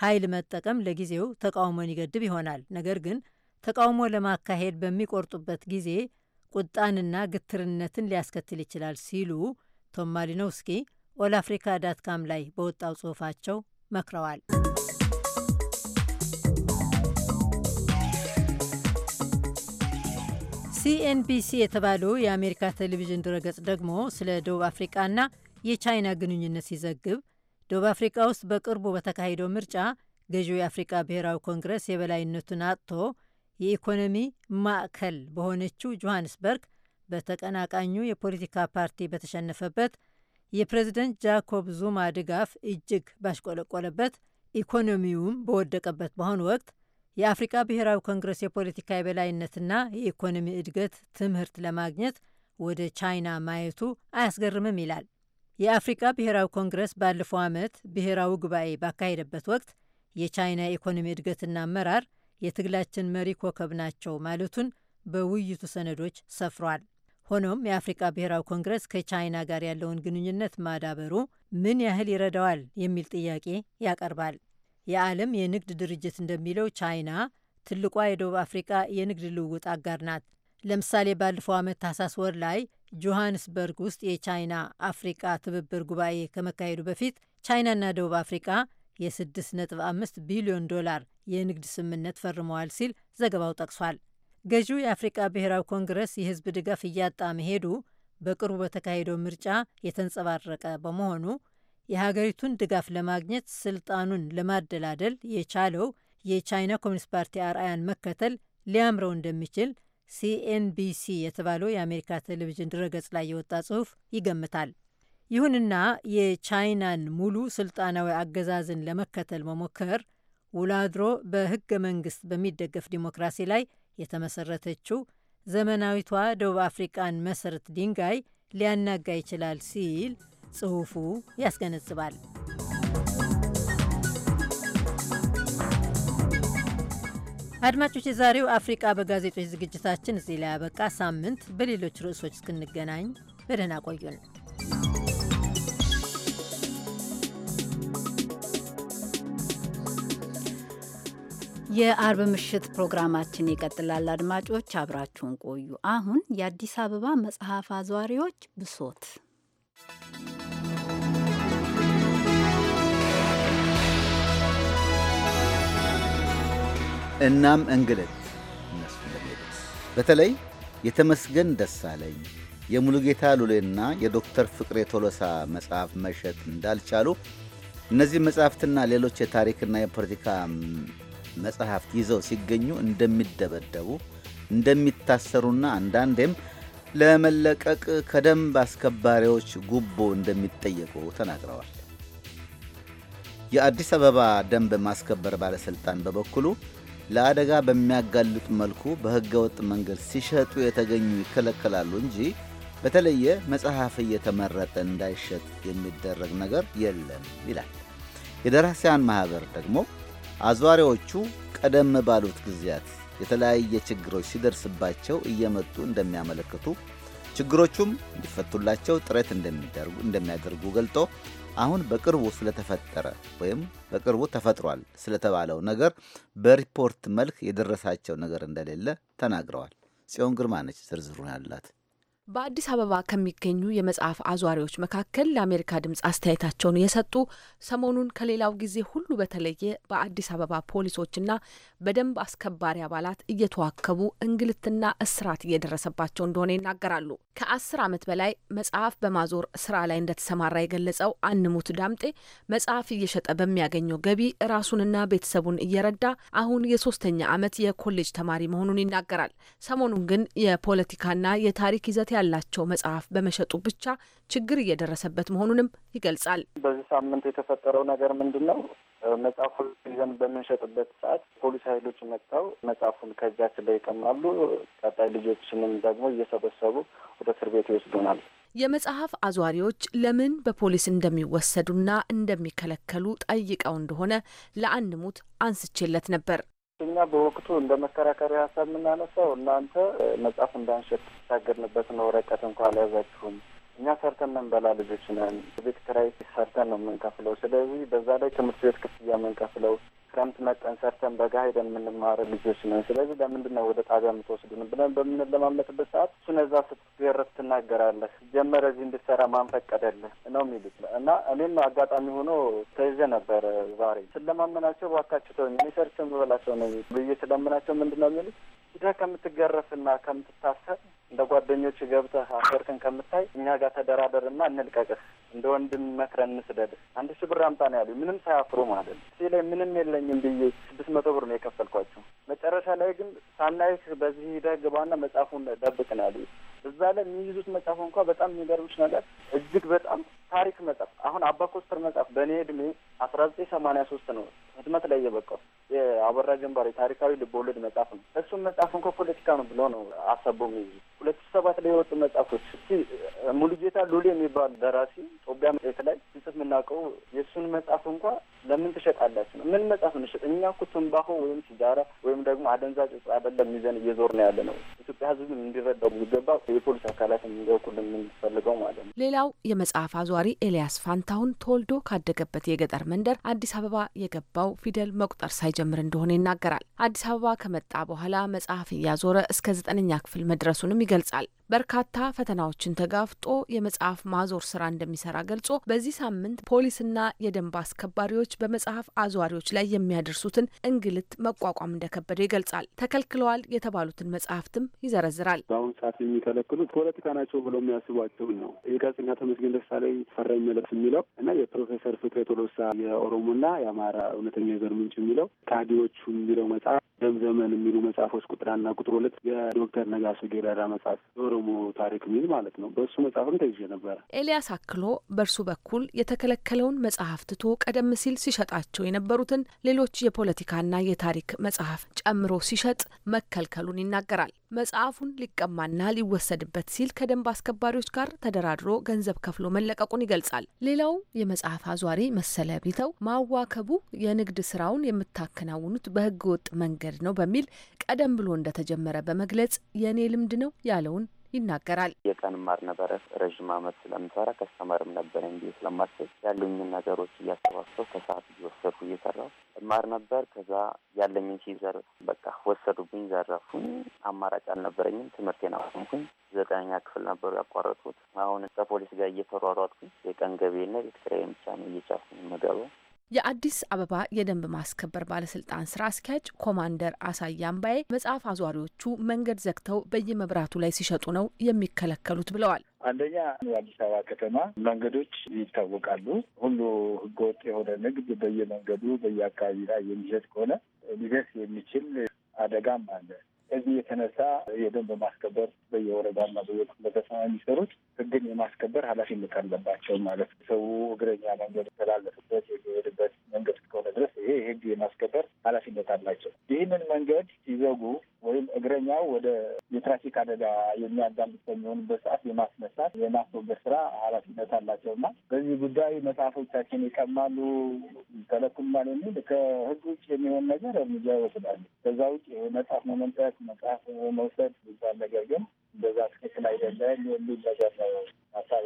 ኃይል መጠቀም ለጊዜው ተቃውሞን ይገድብ ይሆናል። ነገር ግን ተቃውሞ ለማካሄድ በሚቆርጡበት ጊዜ ቁጣንና ግትርነትን ሊያስከትል ይችላል ሲሉ ቶም ማሊኖውስኪ ኦል አፍሪካ ዳትካም ላይ በወጣው ጽሑፋቸው መክረዋል። ሲኤንቢሲ የተባለው የአሜሪካ ቴሌቪዥን ድረገጽ ደግሞ ስለ ደቡብ አፍሪቃና የቻይና ግንኙነት ሲዘግብ ደቡብ አፍሪቃ ውስጥ በቅርቡ በተካሄደው ምርጫ ገዢው የአፍሪቃ ብሔራዊ ኮንግረስ የበላይነቱን አጥቶ የኢኮኖሚ ማዕከል በሆነችው ጆሃንስበርግ በተቀናቃኙ የፖለቲካ ፓርቲ በተሸነፈበት የፕሬዝደንት ጃኮብ ዙማ ድጋፍ እጅግ ባሽቆለቆለበት ኢኮኖሚውም በወደቀበት በአሁኑ ወቅት የአፍሪካ ብሔራዊ ኮንግረስ የፖለቲካ የበላይነትና የኢኮኖሚ እድገት ትምህርት ለማግኘት ወደ ቻይና ማየቱ አያስገርምም ይላል። የአፍሪካ ብሔራዊ ኮንግረስ ባለፈው ዓመት ብሔራዊ ጉባኤ ባካሄደበት ወቅት የቻይና የኢኮኖሚ እድገትና አመራር የትግላችን መሪ ኮከብ ናቸው ማለቱን በውይይቱ ሰነዶች ሰፍሯል። ሆኖም የአፍሪካ ብሔራዊ ኮንግረስ ከቻይና ጋር ያለውን ግንኙነት ማዳበሩ ምን ያህል ይረዳዋል የሚል ጥያቄ ያቀርባል። የዓለም የንግድ ድርጅት እንደሚለው ቻይና ትልቋ የደቡብ አፍሪቃ የንግድ ልውውጥ አጋር ናት። ለምሳሌ ባለፈው ዓመት ታህሳስ ወር ላይ ጆሃንስበርግ ውስጥ የቻይና አፍሪቃ ትብብር ጉባኤ ከመካሄዱ በፊት ቻይናና ደቡብ አፍሪቃ የ6.5 ቢሊዮን ዶላር የንግድ ስምምነት ፈርመዋል ሲል ዘገባው ጠቅሷል። ገዢው የአፍሪቃ ብሔራዊ ኮንግረስ የህዝብ ድጋፍ እያጣ መሄዱ በቅርቡ በተካሄደው ምርጫ የተንጸባረቀ በመሆኑ የሀገሪቱን ድጋፍ ለማግኘት ስልጣኑን ለማደላደል የቻለው የቻይና ኮሚኒስት ፓርቲ አርአያን መከተል ሊያምረው እንደሚችል ሲኤንቢሲ የተባለው የአሜሪካ ቴሌቪዥን ድረገጽ ላይ የወጣ ጽሑፍ ይገምታል። ይሁንና የቻይናን ሙሉ ስልጣናዊ አገዛዝን ለመከተል መሞከር ውሎ አድሮ በህገ መንግስት በሚደገፍ ዲሞክራሲ ላይ የተመሰረተችው ዘመናዊቷ ደቡብ አፍሪቃን መሰረት ድንጋይ ሊያናጋ ይችላል ሲል ጽሑፉ ያስገነዝባል። አድማጮች፣ የዛሬው አፍሪቃ በጋዜጦች ዝግጅታችን እዚህ ላይ ያበቃ። ሳምንት በሌሎች ርዕሶች እስክንገናኝ በደህና ቆዩን። የአርብ ምሽት ፕሮግራማችን ይቀጥላል። አድማጮች አብራችሁን ቆዩ። አሁን የአዲስ አበባ መጽሐፍ አዟሪዎች ብሶት እናም እንግልት እነሱ በተለይ የተመስገን ደሳለኝ የሙሉጌታ ሉሌና የዶክተር ፍቅሬ ቶሎሳ መጽሐፍ መሸጥ እንዳልቻሉ እነዚህ መጽሐፍትና ሌሎች የታሪክና የፖለቲካ መጽሐፍት ይዘው ሲገኙ እንደሚደበደቡ እንደሚታሰሩና አንዳንዴም ለመለቀቅ ከደንብ አስከባሪዎች ጉቦ እንደሚጠየቁ ተናግረዋል። የአዲስ አበባ ደንብ ማስከበር ባለሥልጣን በበኩሉ ለአደጋ በሚያጋልጥ መልኩ በሕገወጥ መንገድ ሲሸጡ የተገኙ ይከለከላሉ እንጂ በተለየ መጽሐፍ እየተመረጠ እንዳይሸጥ የሚደረግ ነገር የለም ይላል። የደራሲያን ማኅበር ደግሞ አዟሪዎቹ ቀደም ባሉት ጊዜያት የተለያየ ችግሮች ሲደርስባቸው እየመጡ እንደሚያመለክቱ ችግሮቹም እንዲፈቱላቸው ጥረት እንደሚያደርጉ ገልጦ አሁን በቅርቡ ስለተፈጠረ ወይም በቅርቡ ተፈጥሯል ስለተባለው ነገር በሪፖርት መልክ የደረሳቸው ነገር እንደሌለ ተናግረዋል። ጽዮን ግርማ ነች ዝርዝሩን ያላት። በአዲስ አበባ ከሚገኙ የመጽሐፍ አዟሪዎች መካከል ለአሜሪካ ድምፅ አስተያየታቸውን የሰጡ ሰሞኑን ከሌላው ጊዜ ሁሉ በተለየ በአዲስ አበባ ፖሊሶችና በደንብ አስከባሪ አባላት እየተዋከቡ እንግልትና እስራት እየደረሰባቸው እንደሆነ ይናገራሉ። ከአስር ዓመት በላይ መጽሐፍ በማዞር ስራ ላይ እንደተሰማራ የገለጸው አንሙት ዳምጤ መጽሐፍ እየሸጠ በሚያገኘው ገቢ ራሱንና ቤተሰቡን እየረዳ አሁን የሶስተኛ ዓመት የኮሌጅ ተማሪ መሆኑን ይናገራል። ሰሞኑን ግን የፖለቲካና የታሪክ ይዘት ያላቸው መጽሐፍ በመሸጡ ብቻ ችግር እየደረሰበት መሆኑንም ይገልጻል። በዚህ ሳምንት የተፈጠረው ነገር ምንድን ነው? መጽሐፉን ይዘን በምንሸጥበት ሰዓት ፖሊስ ኃይሎች መጥተው መጽሐፉን ከእጃችን ላይ ይቀማሉ። ቀጣይ ልጆችንም ደግሞ እየሰበሰቡ ወደ እስር ቤት ይወስዱናል። የመጽሐፍ አዟሪዎች ለምን በፖሊስ እንደሚወሰዱና እንደሚከለከሉ ጠይቀው እንደሆነ ለአንድ ሙት አንስቼለት ነበር። እኛ በወቅቱ እንደ መከራከሪያ ሀሳብ የምናነሳው እናንተ መጽሐፍ እንዳንሸጥ ነው። ወረቀት እንኳ አልያዛችሁም። እኛ ሰርተን በላ ልጆች ነን። ቤት ክራይ ሰርተን ነው የምንከፍለው። ስለዚህ በዛ ላይ ትምህርት ቤት ክፍያ የምንከፍለው ክረምት መጠን ሰርተን በጋ ሄደን የምንማረ ልጆች ነን። ስለዚህ ለምንድን ነው ወደ ጣቢያ የምትወስዱን ብለን በምንለማመጥበት ሰዓት እሱን እዛ ስትገረፍ ትናገራለህ። ጀመረ እዚህ እንድትሰራ ማን ፈቀደልህ ነው የሚሉት እና እኔም አጋጣሚ ሆኖ ተይዤ ነበር። ዛሬ ስለማመናቸው እባካችሁ ተወኝ፣ እኔ ሰርቼ የምበላቸው ነው ብዬ ስለምናቸው ምንድን ነው የሚሉት ሂደህ ከምትገረፍና ከምትታሰር እንደ ጓደኞች ገብተህ አፈርክን ከምታይ እኛ ጋር ተደራደርና እንልቀቅህ፣ እንደ ወንድም መክረን እንስደድህ። አንድ ሺህ ብር አምጣ ነው ያሉ ምንም ሳያፍሩ ማለት ነው። እዚህ ላይ ምንም የለኝም ብዬ ስድስት መቶ ብር ነው የከፈልኳቸው። መጨረሻ ላይ ግን ሳናይህ በዚህ ሂደህ ግባና መጽሐፉን ደብቅ ነው ያሉ። እዛ ላይ የሚይዙት መጽሐፉ እንኳ በጣም የሚገርምሽ ነገር እጅግ በጣም ታሪክ መጽሐፍ አሁን አባ ኮስተር መጽሐፍ በእኔ እድሜ አስራ ዘጠኝ ሰማንያ ሶስት ነው ህትመት ላይ የበቃው የአበራ ጀንባሬ ታሪካዊ ልብ መጽሐፍ ነው። እሱም መጽሐፍ እንኳ ፖለቲካ ነው ብሎ ነው አሰቡ የሚይዙት ሁለት ሺ ሰባት ላይ የወጡ መጽሐፎች እስቲ ሙሉጌታ ሉሌ የሚባል ደራሲ ጦቢያ መጽሔት ላይ ሲጽፍ የምናውቀው የእሱን መጽሐፍ እንኳ ለምን ትሸጣላችሁ ነው። ምን መጽሐፍ እንሸጥ? እኛ እኮ ትንባሆ ወይም ሲጃራ ወይም ደግሞ አደንዛ እጽ አይደለም ይዘን እየዞር ነው ያለ ነው። ኢትዮጵያ ሕዝብ እንዲረዳው የሚገባ የፖሊስ አካላት እንዲያውቁልን የምንፈልገው ማለት ነው። ሌላው የመጽሐፍ አዟሪ ኤልያስ ፋንታሁን ተወልዶ ካደገበት የገጠር መንደር አዲስ አበባ የገባው ፊደል መቁጠር ሳይጀምር እንደሆነ ይናገራል። አዲስ አበባ ከመጣ በኋላ መጽሐፍ እያዞረ እስከ ዘጠነኛ ክፍል መድረሱንም ይገልጻል። በርካታ ፈተናዎችን ተጋፍጦ የመጽሐፍ ማዞር ስራ እንደሚሰራ ገልጾ በዚህ ሳምንት ፖሊስና የደንብ አስከባሪዎች በመጽሐፍ አዟሪዎች ላይ የሚያደርሱትን እንግልት መቋቋም እንደከበደ ይገልጻል። ተከልክለዋል የተባሉትን መጽሐፍትም ይዘረዝራል። በአሁኑ ሰዓት የሚከለክሉት ፖለቲካ ናቸው ብሎ የሚያስቧቸውን ነው። የጋዜጠኛ ተመስገን ደሳለኝ ፈራኝ መለስ የሚለው እና የፕሮፌሰር ፍቅሬ ቶሎሳ የኦሮሞና የአማራ እውነተኛ የዘር ምንጭ የሚለው ካዲዎቹ የሚለው መጽሐፍ ደም ዘመን የሚሉ መጽሐፎች ቁጥር አንድና ቁጥር ሁለት የዶክተር ነጋሶ ጌዳዳ መጽሐፍ የኦሮሞ ታሪክ ሚል ማለት ነው። በእሱ መጽሐፍም ተይዤ ነበረ። ኤልያስ አክሎ በእርሱ በኩል የተከለከለውን መጽሐፍ ትቶ ቀደም ሲል ሲሸጣቸው የነበሩትን ሌሎች የፖለቲካና የታሪክ መጽሐፍ ጨምሮ ሲሸጥ መከልከሉን ይናገራል። መጽሐፉን ሊቀማና ሊወሰድበት ሲል ከደንብ አስከባሪዎች ጋር ተደራድሮ ገንዘብ ከፍሎ መለቀቁን ይገልጻል። ሌላው የመጽሐፍ አዟሪ መሰለ ቢተው ማዋከቡ የንግድ ስራውን የምታከናውኑት በህገወጥ መንገድ ነው በሚል ቀደም ብሎ እንደተጀመረ በመግለጽ የእኔ ልምድ ነው ያለውን ይናገራል። የቀን ማር ነበረ ረዥም አመት ስለምሰራ ከስተመርም ነበረ እንዲ ስለማስብ ያሉኝን ነገሮች እያሰባሰብ ከሰዓት እየወሰድኩ እየሰራው ማር ነበር። ከዛ ያለኝን ሲዘር በቃ ወሰዱብኝ፣ ዘረፉኝ። አማራጭ አልነበረኝም። ትምህርቴን አቁምኩኝ። ዘጠነኛ ክፍል ነበሩ ያቋረጥኩት። አሁን ከፖሊስ ጋር እየተሯሯጥኩኝ የቀን ገቤና ቤት ኪራዬን ብቻ ነው እየቻልኩ የምገባው። የአዲስ አበባ የደንብ ማስከበር ባለስልጣን ስራ አስኪያጅ ኮማንደር አሳያም ባዬ መጽሐፍ አዟሪዎቹ መንገድ ዘግተው በየመብራቱ ላይ ሲሸጡ ነው የሚከለከሉት ብለዋል። አንደኛ የአዲስ አበባ ከተማ መንገዶች ይታወቃሉ። ሁሉ ህገወጥ የሆነ ንግድ በየመንገዱ በየአካባቢ ላይ የሚሸጥ ከሆነ ሊደርስ የሚችል አደጋም አለ። ከዚህ የተነሳ የደንብ ማስከበር በየወረዳና በየክፍለ ከተማ የሚሰሩት ህግን የማስከበር ኃላፊነት አለባቸው ማለት ነው። ሰው እግረኛ መንገድ የተላለፍበት የሚሄድበት መንገድ እስከሆነ ድረስ ይሄ ህግ የማስከበር ኃላፊነት አላቸው። ይህንን መንገድ ሲዘጉ ወይም እግረኛው ወደ የትራፊክ አደጋ የሚያጋልጥ በሚሆንበት ሰዓት የማስነሳት የማስወገድ ስራ ኃላፊነት አላቸው እና በዚህ ጉዳይ መጽሐፎቻችን ይቀማሉ፣ ተለኩማል የሚል ከህግ ውጭ የሚሆን ነገር እርምጃ ይወስዳሉ። ከዛ ውጭ መጽሐፍ መመንጠት፣ መጽሐፍ መውሰድ ይባል ነገር ግን በዛ ትክክል አይደለም የሚል ነገር ነው ሀሳብ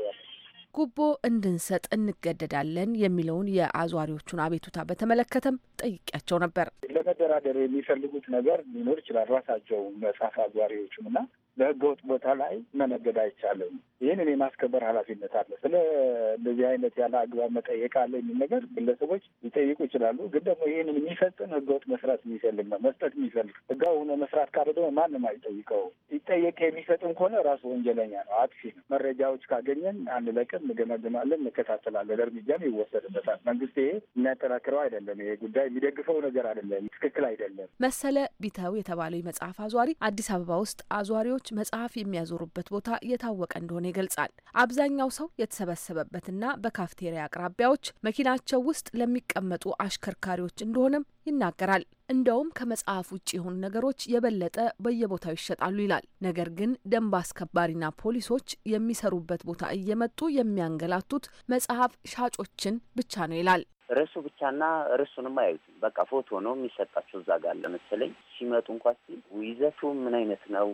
ጉቦ እንድንሰጥ እንገደዳለን የሚለውን የአዟሪዎቹን አቤቱታ በተመለከተም ጠይቂያቸው ነበር። ለመደራደር የሚፈልጉት ነገር ሊኖር ይችላል ራሳቸው መጽሐፍ አዟሪዎቹም እና በህገወጥ ቦታ ላይ መነገድ አይቻልም። ይህንን የማስከበር ኃላፊነት አለ። ስለ እንደዚህ አይነት ያለ አግባብ መጠየቅ አለ የሚል ነገር ግለሰቦች ሊጠይቁ ይችላሉ። ግን ደግሞ ይህንን የሚፈጽም ህገወጥ መስራት የሚፈልግ ነው መስጠት የሚፈልግ ህጋዊ ሆኖ መስራት ካለ ደግሞ ማንም አይጠይቀው። ይጠየቅ የሚፈጥም ከሆነ ራሱ ወንጀለኛ ነው፣ አጥፊ ነው። መረጃዎች ካገኘን አንለቅም፣ እንገመግማለን፣ እንከታተላለን፣ እርምጃም ይወሰድበታል። መንግስት ይሄ የሚያጠናክረው አይደለም። ይሄ ጉዳይ የሚደግፈው ነገር አይደለም፣ ትክክል አይደለም። መሰለ ቢተው የተባለው የመጽሐፍ አዟሪ አዲስ አበባ ውስጥ አዟሪዎች ሰዎች መጽሐፍ የሚያዞሩበት ቦታ እየታወቀ እንደሆነ ይገልጻል። አብዛኛው ሰው የተሰበሰበበትና በካፍቴሪያ አቅራቢያዎች መኪናቸው ውስጥ ለሚቀመጡ አሽከርካሪዎች እንደሆነም ይናገራል። እንደውም ከመጽሐፍ ውጭ የሆኑ ነገሮች የበለጠ በየቦታው ይሸጣሉ ይላል። ነገር ግን ደንብ አስከባሪና ፖሊሶች የሚሰሩበት ቦታ እየመጡ የሚያንገላቱት መጽሐፍ ሻጮችን ብቻ ነው ይላል። ርዕሱ ብቻና ርዕሱንም አያዩትም። በቃ ፎቶ ነው የሚሰጣቸው እዛ ጋር ለመሰለኝ ሲመጡ እንኳ ሲ ይዘቱ ምን አይነት ነው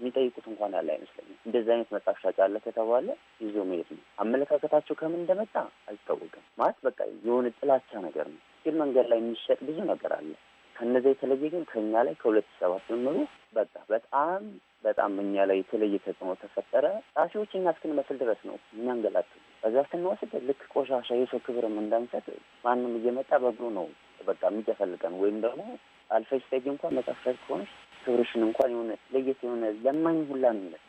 የሚጠይቁት እንኳን ያለ አይመስለኝም። እንደዚህ አይነት መጽሐፍ ሻጭ ከተባለ ይዞ መሄድ ነው። አመለካከታቸው ከምን እንደመጣ አይታወቅም። ማለት በቃ የሆነ ጥላቻ ነገር ነው። ሲል መንገድ ላይ የሚሸጥ ብዙ ነገር አለ። ከነዚ የተለየ ግን ከኛ ላይ ከሁለት ሰባት ጀምሮ በቃ በጣም በጣም እኛ ላይ የተለየ ተጽዕኖ ተፈጠረ። ጣሲዎች እኛ እስክንመስል ድረስ ነው የሚያንገላቱ። በዛ ስንወስድ ልክ ቆሻሻ የሰው ክብርም እንዳንሰጥ ማንም እየመጣ በእግሩ ነው በቃ የሚጨፈልቀን ወይም ደግሞ አልፈሽ ጠጊ እንኳን መጻፍሻች ከሆነች ክብርሽን እንኳን የሆነ ለየት የሆነ ለማኝ ሁላ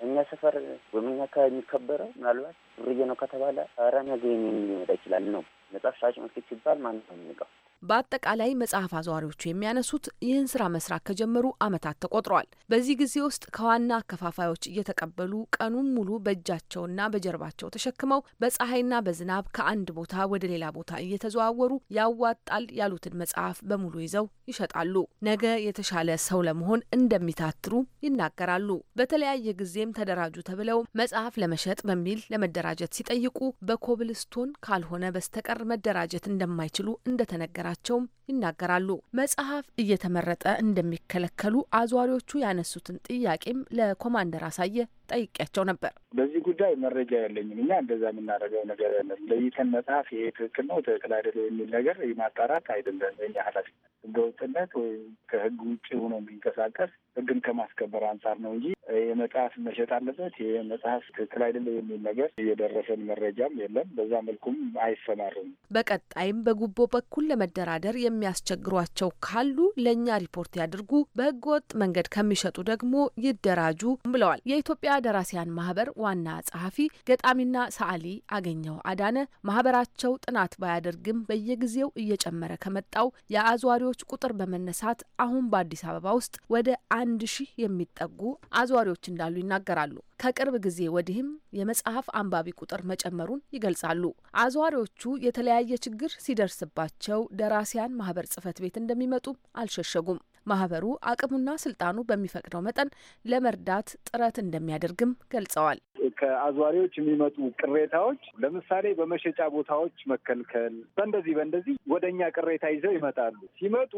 እኛ ሰፈር ወይም እኛ አካባቢ የሚከበረው ምናልባት ብርዬ ነው ከተባለ ኧረ ነገ የሚመጣ ይችላል ነው መጽሐፍ ሻጭ መስክ ሲባል ማን ነው የሚቀው? በአጠቃላይ መጽሐፍ አዘዋሪዎቹ የሚያነሱት ይህን ስራ መስራት ከጀመሩ ዓመታት ተቆጥረዋል። በዚህ ጊዜ ውስጥ ከዋና አከፋፋዮች እየተቀበሉ ቀኑን ሙሉ በእጃቸውና በጀርባቸው ተሸክመው በፀሐይና በዝናብ ከአንድ ቦታ ወደ ሌላ ቦታ እየተዘዋወሩ ያዋጣል ያሉትን መጽሐፍ በሙሉ ይዘው ይሸጣሉ። ነገ የተሻለ ሰው ለመሆን እንደሚታትሩ ይናገራሉ። በተለያየ ጊዜም ተደራጁ ተብለው መጽሐፍ ለመሸጥ በሚል ለመደራጀት ሲጠይቁ በኮብልስቶን ካልሆነ በስተቀር መደራጀት እንደማይችሉ እንደተነገራቸው መሆናቸውም ይናገራሉ። መጽሐፍ እየተመረጠ እንደሚከለከሉ አዟሪዎቹ ያነሱትን ጥያቄም ለኮማንደር አሳየ ጠይቄያቸው ነበር። በዚህ ጉዳይ መረጃ የለኝም። እኛ እንደዛ የምናደርገው ነገር ለይተን መጽሐፍ ይሄ ትክክል ነው ትክክል አይደለም የሚል ነገር ማጣራት አይደለም የኛ ኃላፊነት። ህገወጥነት ወይም ከህግ ውጭ ሆኖ የሚንቀሳቀስ ህግን ከማስከበር አንጻር ነው እንጂ የመጽሐፍ መሸጥ አለበት ይሄ መጽሐፍ ትክክል አይደለም የሚል ነገር የደረሰን መረጃም የለም። በዛ መልኩም አይሰማርም። በቀጣይም በጉቦ በኩል ለመደራደር የሚያስቸግሯቸው ካሉ ለእኛ ሪፖርት ያድርጉ፣ በህገወጥ መንገድ ከሚሸጡ ደግሞ ይደራጁ ብለዋል። የኢትዮጵያ ደራሲያን ማህበር ዋና ጸሐፊ ገጣሚና ሰዓሊ አገኘው አዳነ ማህበራቸው ጥናት ባያደርግም በየጊዜው እየጨመረ ከመጣው የአዝዋሪዎች ቁጥር በመነሳት አሁን በአዲስ አበባ ውስጥ ወደ አንድ ሺህ የሚጠጉ አዝዋሪዎች እንዳሉ ይናገራሉ። ከቅርብ ጊዜ ወዲህም የመጽሐፍ አንባቢ ቁጥር መጨመሩን ይገልጻሉ። አዝዋሪዎቹ የተለያየ ችግር ሲደርስባቸው ደራሲያን ማህበር ጽህፈት ቤት እንደሚመጡም አልሸሸጉም። ማህበሩ አቅሙና ስልጣኑ በሚፈቅደው መጠን ለመርዳት ጥረት እንደሚያደርግም ገልጸዋል። ከአዟሪዎች የሚመጡ ቅሬታዎች ለምሳሌ በመሸጫ ቦታዎች መከልከል፣ በእንደዚህ በእንደዚህ ወደ እኛ ቅሬታ ይዘው ይመጣሉ። ሲመጡ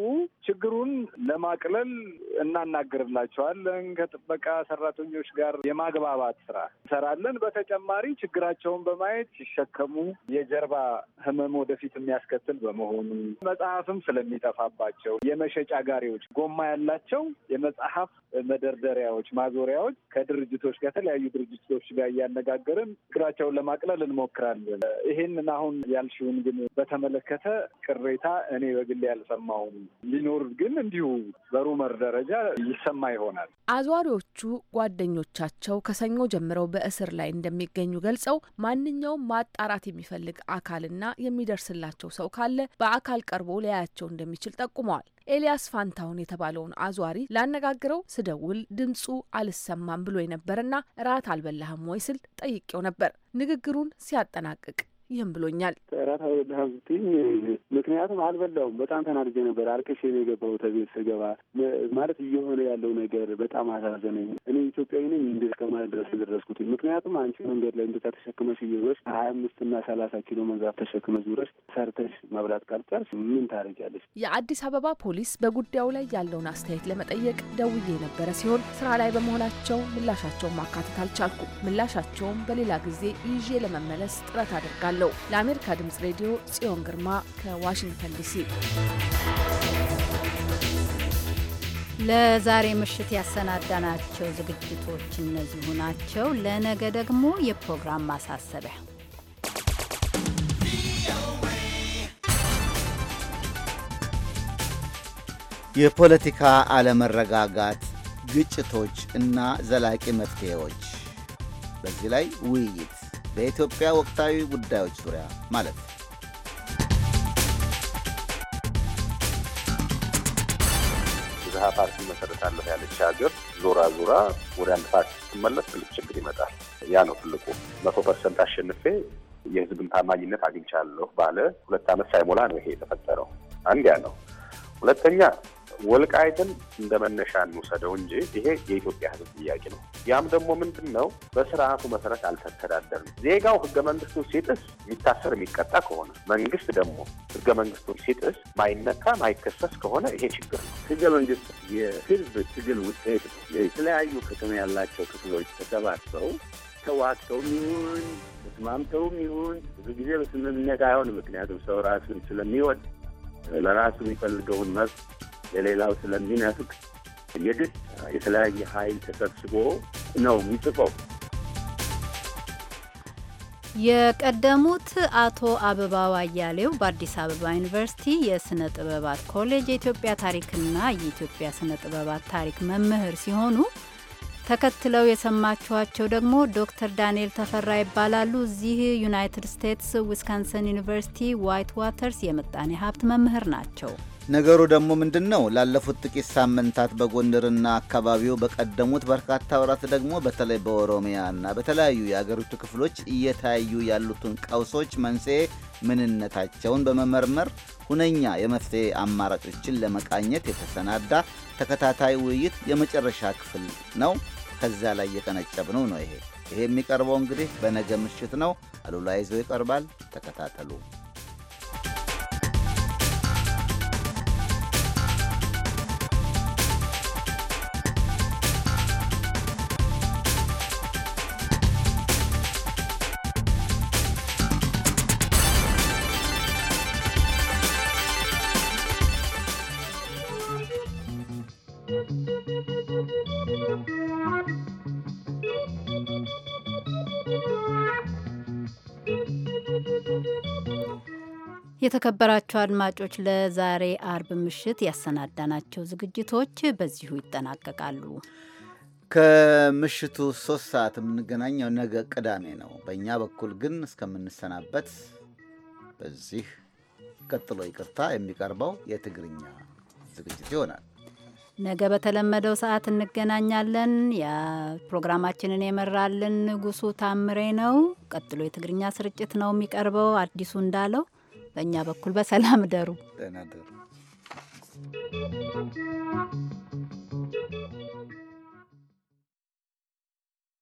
ችግሩን ለማቅለል እናናግርላቸዋለን። ከጥበቃ ሰራተኞች ጋር የማግባባት ስራ እንሰራለን። በተጨማሪ ችግራቸውን በማየት ሲሸከሙ የጀርባ ህመም ወደፊት የሚያስከትል በመሆኑ መጽሐፍም ስለሚጠፋባቸው የመሸጫ ጋሪዎች ጎማ ያላቸው የመጽሐፍ መደርደሪያዎች፣ ማዞሪያዎች ከድርጅቶች ከተለያዩ ድርጅቶች ጋር እያነጋገርን ችግራቸውን ለማቅለል እንሞክራለን። ይሄንን አሁን ያልሽውን ግን በተመለከተ ቅሬታ እኔ በግሌ ያልሰማውም ሊኖር ግን እንዲሁ በሩመር ደረጃ ይሰማ ይሆናል። አዟሪዎቹ ጓደኞቻቸው ከሰኞ ጀምረው በእስር ላይ እንደሚገኙ ገልጸው ማንኛውም ማጣራት የሚፈልግ አካልና የሚደርስላቸው ሰው ካለ በአካል ቀርቦ ሊያያቸው እንደሚችል ጠቁመዋል። ኤልያስ ፋንታውን የተባለውን አዟሪ ላነጋግረው ስደውል ድምፁ አልሰማም ብሎ የነበረና እራት አልበላህም ወይ ስል ጠይቄው ነበር። ንግግሩን ሲያጠናቅቅ ይህም ብሎኛል። ራት አልበላህም ስትይኝ ምክንያቱም አልበላሁም። በጣም ተናድጄ ነበር። አልቅሼ ነው የገባው ተቤት ስገባ። ማለት እየሆነ ያለው ነገር በጣም አሳዘነኝ። እኔ ኢትዮጵያዊ ነኝ እንዴ እስከማለት ድረስ የደረስኩት ምክንያቱም አንቺ መንገድ ላይ እንደዛ ተሸክመሽ እየዞርሽ ሀያ አምስት እና ሰላሳ ኪሎ መንዛፍ ተሸክመሽ ዙረሽ ሰርተሽ መብላት ካልቻልሽ ምን ታደርጊያለሽ? የአዲስ አበባ ፖሊስ በጉዳዩ ላይ ያለውን አስተያየት ለመጠየቅ ደውዬ የነበረ ሲሆን ስራ ላይ በመሆናቸው ምላሻቸውን ማካተት አልቻልኩም። ምላሻቸውም በሌላ ጊዜ ይዤ ለመመለስ ጥረት አደርጋለሁ። አመሰግናለሁ። ለአሜሪካ ድምጽ ሬዲዮ ጽዮን ግርማ ከዋሽንግተን ዲሲ። ለዛሬ ምሽት ያሰናዳናቸው ዝግጅቶች እነዚሁ ናቸው። ለነገ ደግሞ የፕሮግራም ማሳሰቢያ የፖለቲካ አለመረጋጋት፣ ግጭቶች እና ዘላቂ መፍትሄዎች በዚህ ላይ ውይይት በኢትዮጵያ ወቅታዊ ጉዳዮች ዙሪያ ማለት ነው። ብዝሃ ፓርቲ መሰረታለሁ ያለች ሀገር ዞራ ዞራ ወደ አንድ ፓርቲ ስትመለስ ትልቅ ችግር ይመጣል። ያ ነው ትልቁ። መቶ ፐርሰንት አሸንፌ የህዝብን ታማኝነት አግኝቻለሁ ባለ ሁለት ዓመት ሳይሞላ ነው ይሄ የተፈጠረው። አንድ ያ ነው። ሁለተኛ ወልቃይትን እንደ መነሻ እንውሰደው እንጂ ይሄ የኢትዮጵያ ሕዝብ ጥያቄ ነው። ያም ደግሞ ምንድን ነው? በስርዓቱ መሰረት አልተተዳደርም። ዜጋው ሕገ መንግስቱን ሲጥስ የሚታሰር የሚቀጣ ከሆነ መንግስት ደግሞ ሕገ መንግስቱን ሲጥስ ማይነካ ማይከሰስ ከሆነ ይሄ ችግር ነው። ሕገ መንግስት የህዝብ ትግል ውጤት ነው። የተለያዩ ከተማ ያላቸው ክፍሎች ተሰባስበው ተዋቅተውም ይሁን ተስማምተውም ይሁን ብዙ ጊዜ በስምምነት አይሆን። ምክንያቱም ሰው ራሱን ስለሚወድ ለራሱ የሚፈልገውን መብት ለሌላው ስለሚነፍቅ የግድ የተለያየ ኃይል ተሰብስቦ ነው የሚጽፈው። የቀደሙት አቶ አበባው አያሌው በአዲስ አበባ ዩኒቨርሲቲ የስነ ጥበባት ኮሌጅ የኢትዮጵያ ታሪክና የኢትዮጵያ ስነ ጥበባት ታሪክ መምህር ሲሆኑ ተከትለው የሰማችኋቸው ደግሞ ዶክተር ዳንኤል ተፈራ ይባላሉ። እዚህ ዩናይትድ ስቴትስ ዊስካንሰን ዩኒቨርሲቲ ዋይት ዋተርስ የምጣኔ ሀብት መምህር ናቸው። ነገሩ ደግሞ ምንድን ነው? ላለፉት ጥቂት ሳምንታት በጎንደርና አካባቢው በቀደሙት በርካታ ወራት ደግሞ በተለይ በኦሮሚያና በተለያዩ የአገሪቱ ክፍሎች እየታዩ ያሉትን ቀውሶች መንስኤ ምንነታቸውን በመመርመር ሁነኛ የመፍትሄ አማራጮችን ለመቃኘት የተሰናዳ ተከታታይ ውይይት የመጨረሻ ክፍል ነው። ከዛ ላይ የቀነጨብነው ነው ይሄ። ይሄ የሚቀርበው እንግዲህ በነገ ምሽት ነው። አሉላ ይዘው ይቀርባል። ተከታተሉ። የተከበራቸው አድማጮች ለዛሬ አርብ ምሽት ያሰናዳናቸው ዝግጅቶች በዚሁ ይጠናቀቃሉ። ከምሽቱ ሶስት ሰዓት የምንገናኘው ነገ ቅዳሜ ነው። በእኛ በኩል ግን እስከምንሰናበት በዚህ ቀጥሎ ይቅርታ የሚቀርበው የትግርኛ ዝግጅት ይሆናል። ነገ በተለመደው ሰዓት እንገናኛለን። የፕሮግራማችንን የመራልን ንጉሱ ታምሬ ነው። ቀጥሎ የትግርኛ ስርጭት ነው የሚቀርበው። አዲሱ እንዳለው በእኛ በኩል በሰላም ደሩ።